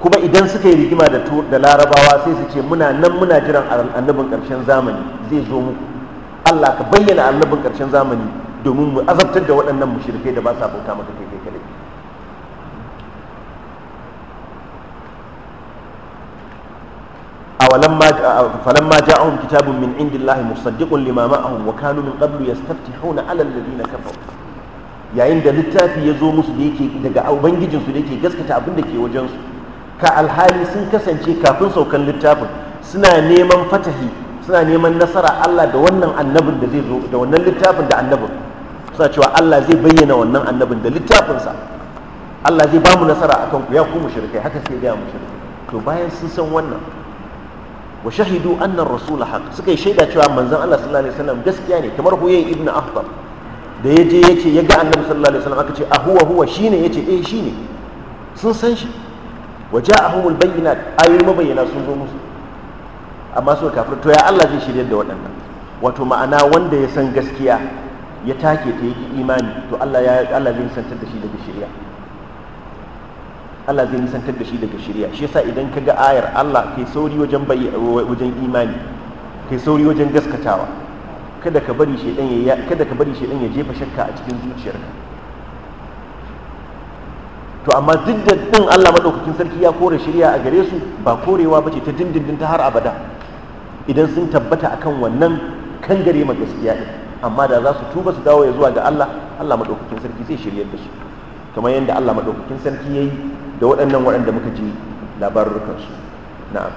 kuma idan suka yi rigima da larabawa sai su ce muna nan muna jiran annabin ƙarshen zamani zai zo muku allah ka bayyana annabin ƙarshen zamani domin mu azabtar da waɗannan mushrikai da ba sa bauta maka kai أولما فلما جاءهم كتاب من عند الله مصدق لما ya وكانوا من قبل يستفتحون على الذين كفروا yayin da littafi ya zo musu da yake daga ubangijinsu da yake gaskata abin da ke wajensu ka alhali sun kasance kafin saukan littafin suna neman fatahi suna neman nasara Allah da wannan annabin da zai zo da wannan littafin da annabin suna cewa Allah zai bayyana wannan annabin da littafinsa Allah zai ba mu nasara akan ku ya ku mushrikai haka sai ga mushrikai to bayan sun san wannan wa shahidu anna rasul haq suka yi shaida cewa manzon Allah sallallahu alaihi wasallam gaskiya ne kamar huyay ibnu akhtar da ya je yace ya ga annabi sallallahu alaihi wasallam aka ce a huwa shine yace eh shine sun san shi wa ja'ahumul bayyinat ayoyi mabayyana sun zo musu amma suka kafir to ya Allah zai shiryar da waɗannan wato ma'ana wanda ya san gaskiya ya take ta yi imani to Allah ya Allah zai santar da shi daga shirya Allah zai nisantar da shi daga shari'a shi yasa idan ka ga ayar Allah kai sauri wajen wajen imani kai sauri wajen gaskatawa kada ka bari shedan ya kada ka jefa shakka a cikin zuciyarka to amma duk din Allah madaukakin sarki ya kore shari'a a gare su ba korewa ba ce ta dindindin ta har abada idan sun tabbata akan wannan kan gare ma gaskiya ne amma da za su tuba su dawo ya zuwa ga Allah Allah madaukakin sarki zai shiryar da su kamar yadda Allah madaukakin sarki yayi da waɗannan waɗanda muka ji labarukansu na'am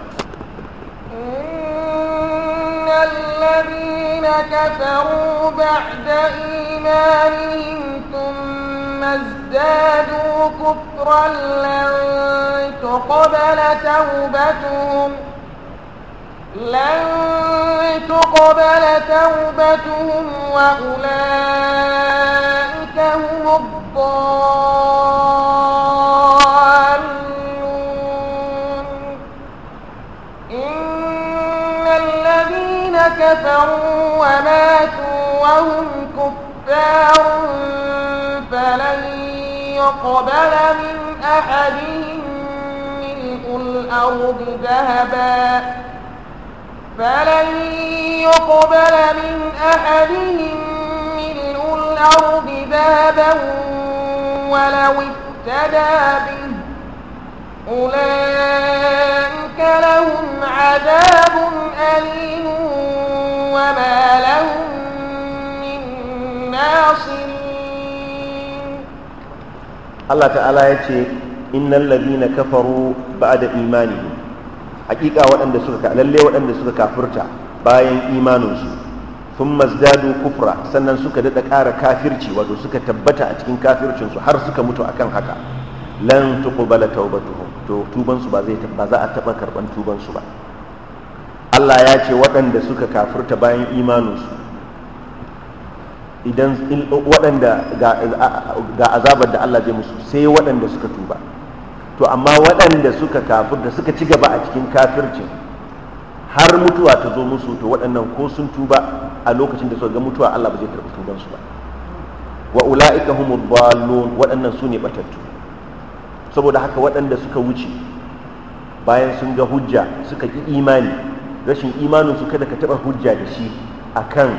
الذين كفروا بعد إيمانهم ثم ازدادوا كفرا لن تقبل توبتهم لن تقبل توبتهم وأولئك هم الضالون أقبل من أحدهم ملء الأرض ذهبا فلن يقبل من أحدهم ملء الأرض ذهبا ولو افتدى به أولئك لهم عذاب أليم وما لهم من ناصرين Allah ta'ala ya ce innal ladina kafaru ba'da imani hakika waɗanda suka lalle waɗanda suka kafirta bayan imaninsu sun mazdadu kufra sannan suka daɗa ƙara kafirci wato suka tabbata a cikin kafircinsu har suka mutu akan haka lan tuqbala tawbatuhum to su ba zai ba za a taɓa tuban su ba Allah ya ce waɗanda suka kafirta bayan imanin su idan waɗanda ga azabar da Allah zai musu sai waɗanda suka tuba to amma waɗanda suka kafir da suka ci gaba a cikin kafircin har mutuwa ta zo musu to waɗannan ko sun tuba a lokacin da suka ga mutuwa Allah ba zai karɓi tubansu ba wa ula'ika humul dallun waɗannan su ne batattu saboda haka waɗanda suka wuce bayan sun ga hujja suka ƙi imani rashin imanin su kada ka taɓa hujja da shi akan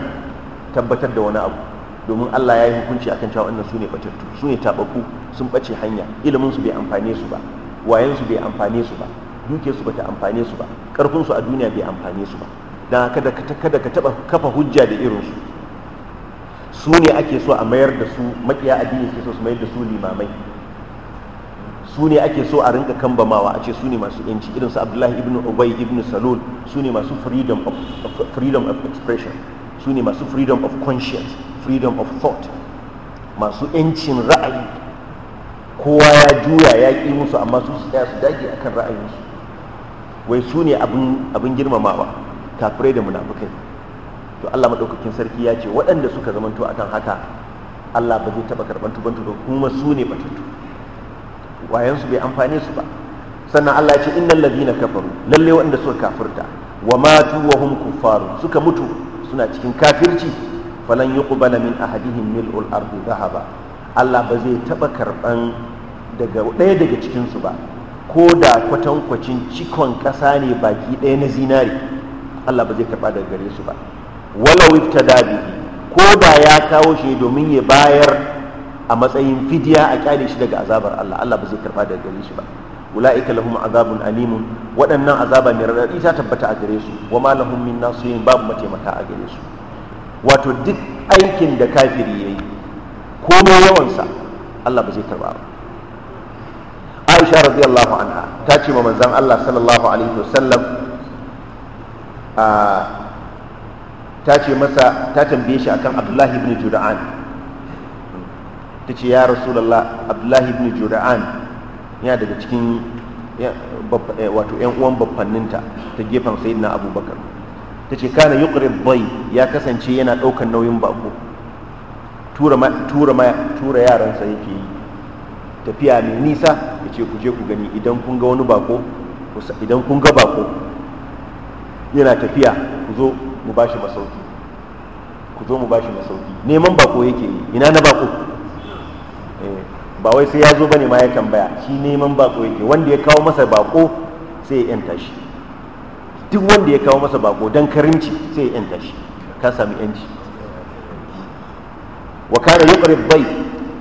tabbatar da wani abu domin Allah ya yi hukunci akan cewa wannan su ne batattu su ne tabaku sun bace hanya ilimin su bai amfane su ba wayan su bai amfane su ba duke su bata amfane su ba karfin su a duniya bai amfane su ba dan kada kada ka taba kafa hujja da irin su su ne ake so a mayar da su makiya addini ke so su mayar da su limamai su ne ake so a rinka kambamawa a ce su ne masu yanci irin su abdullahi ibn ubay ibn salul su ne masu freedom of, freedom of expression su ne masu freedom of conscience freedom of thought masu yancin ra'ayi kowa ya juya ya ƙi musu amma su su tsaya su dage a kan ra'ayinsu wai su ne abin girmamawa kafirai da munafukai to allah maɗaukakin sarki ya ce waɗanda suka zamanto akan haka allah ba zai taɓa karɓar tubantu ba kuma su ne batattu wayansu bai amfane su ba sannan allah ya ce innal ladina kafaru lalle waɗanda suka kafirta wa matu wa hum kuffaru suka mutu suna cikin kafirci falan ƙubala min ahadihim mil'ul ardi ba Allah ba zai taɓa karɓan daga ɗaya daga cikinsu ba ko da kwatankwacin cikon ƙasa ne baki ɗaya na zinari Allah ba zai karba daga gare su ba walau ta dabi ko da ya kawo shi domin ya bayar a matsayin fidiya a ƙyale shi daga azabar Allah Allah ba zai karɓa daga gare shi ba ulaika lahum azabun alimun waɗannan azaba mai raɗaɗi ta tabbata a gare su wa ma lahum min nasirin babu mataimaka a gare su wato duk aikin da kafiri ya yi komai yawansa Allah ba zai karba ba Aisha radiyallahu anha ta ce ma manzon Allah sallallahu alaihi wasallam ta ce masa ta tambaye shi akan Abdullahi ibn jura'an ta ce ya Rasulullah Abdullahi ibn jura'an yana daga cikin eh, wato 'yan uwan babbanninta ta gefen Sayyidina Abubakar ta ce kana yuqrib bai ya kasance yana ɗaukar nauyin bako tura yaransa yake yi tafiya mai nisa ya ce ku je ku gani idan kun ga wani bako idan kun ga bako yana tafiya ku zo mu bashi masauki ku zo mu bashi masauki neman bako yake yi ina na bako eh, ba wai sai ya zo bane ma ya tambaya shi neman bako yake wanda ya kawo masa bako sai ya yanta shi duk wanda ya kawo masa bako don karinci sai ya yanta shi ka sami yanci wa yi yuqrib bai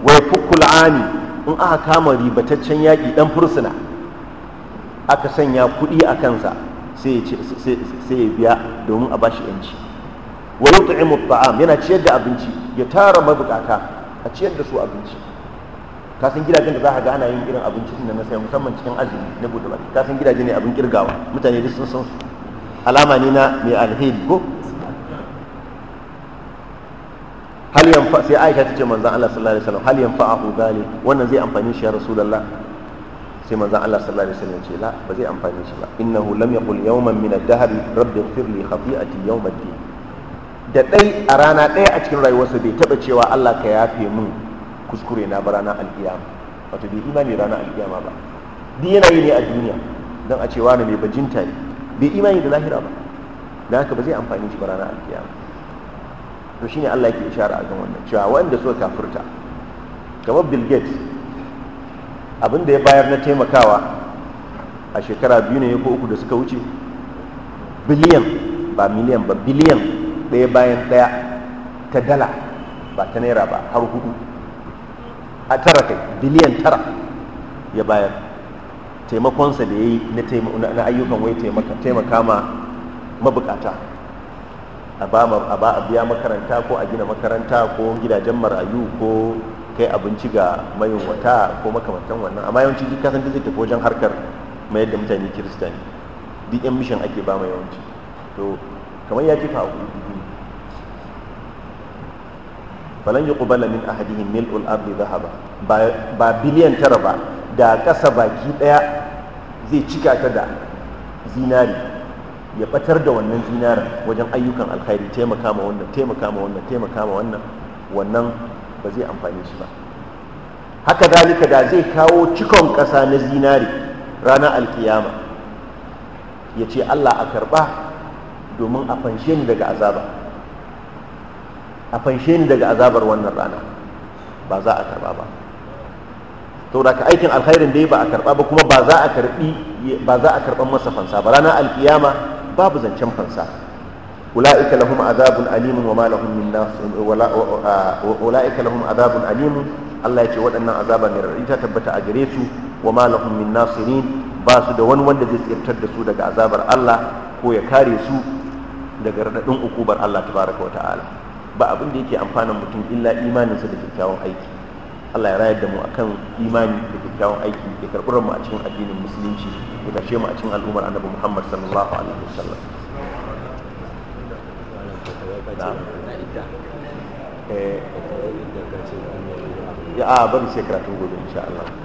wa yafukku ani in aka kama ribataccen yaƙi ɗan fursuna aka sanya kuɗi a kansa sai ya biya domin a bashi yanci wa ta'i mutfa'am yana ciyar da abinci ya tara mabukata a ciyar da su abinci ka san gidajen da za ka ga ana yin irin abinci na sayan musamman cikin azumi na buɗe baki ka san gidaje ne abin kirgawa mutane duk sun san su alama ne na mai alheri ko hal yanfa sai aisha ta ce Allah sallallahu alaihi wasallam hal yanfa'ahu dhalik wannan zai amfani shi ya rasulullah sai manzan Allah sallallahu alaihi wasallam ce la ba zai amfani shi ba innahu lam yaqul yawman min ad-dahr rabbi ighfir li khati'ati yawm ad-din da dai a rana daya a cikin rayuwarsa bai taba cewa Allah ka yafe mun kuskure na ba ranar qiyam wato bai imani ranar alkiyama ba duk yana yi ne a duniya don a cewa na mai bajinta ne bai imani da lahira ba da haka ba zai amfani shi ba ranar alkiyama to shine Allah yake ishara a kan wannan cewa wanda suka kafirta kamar Bill Gates abin ya bayar na taimakawa a shekara biyu ne ko uku da suka wuce biliyan ba miliyan ba biliyan ɗaya bayan ɗaya ta dala ba ta naira ba har hudu a tara kai biliyan tara ya bayar taimakonsa da ya yi na ayyukan wai taimaka ma mabukata a ba a biya makaranta ko a gina makaranta ko gidajen marayu ko kai abinci ga wata ko makamantan wannan amma yawanci duk kasan zai tafi wajen harkar mayar da mutane kirista ne duk yan mishan ake ba yawanci to kamar ya kifa a falan yi kubala min ahadihim mil'ul ardi zahaba ba biliyan tara ba da ƙasa baki ɗaya zai cika ta da zinari ya batar da wannan zinarin wajen ayyukan alkhairi taimaka ma wannan taimaka ma wannan taimaka ma wannan wannan ba zai amfani shi ba haka dalika da zai kawo cikon ƙasa na zinari ranar alkiyama ya ce allah a karba domin a fanshe ni daga azaba a fanshe ni daga azabar wannan rana ba za a karba ba da ka aikin alkhairin dai ba a karba ba kuma ba za a karbi ba za a karban masa fansa ba ranar alkiyama babu zancen fansa ulaika lahum azabun alimun wa ma lahum min nas ulaika lahum azabun Allah ya ce waɗannan azaba mai rarrayi ta tabbata a gare su wa ma lahum min nasirin ba su da wani wanda zai tsirtar da su daga azabar Allah ko ya kare su daga radadin ukubar Allah tabaraka wa ta'ala ba abin da yake amfanin mutum illa imaninsa da kyakkyawan aiki Allah ya rayar da mu akan imani da kyakkyawan aiki ya karɓi mu a cikin addinin musulunci ya tashe mu a cikin al'ummar annabi Muhammad sallallahu alaihi wasallam eh, ya a bari sai karatun gobe insha Allah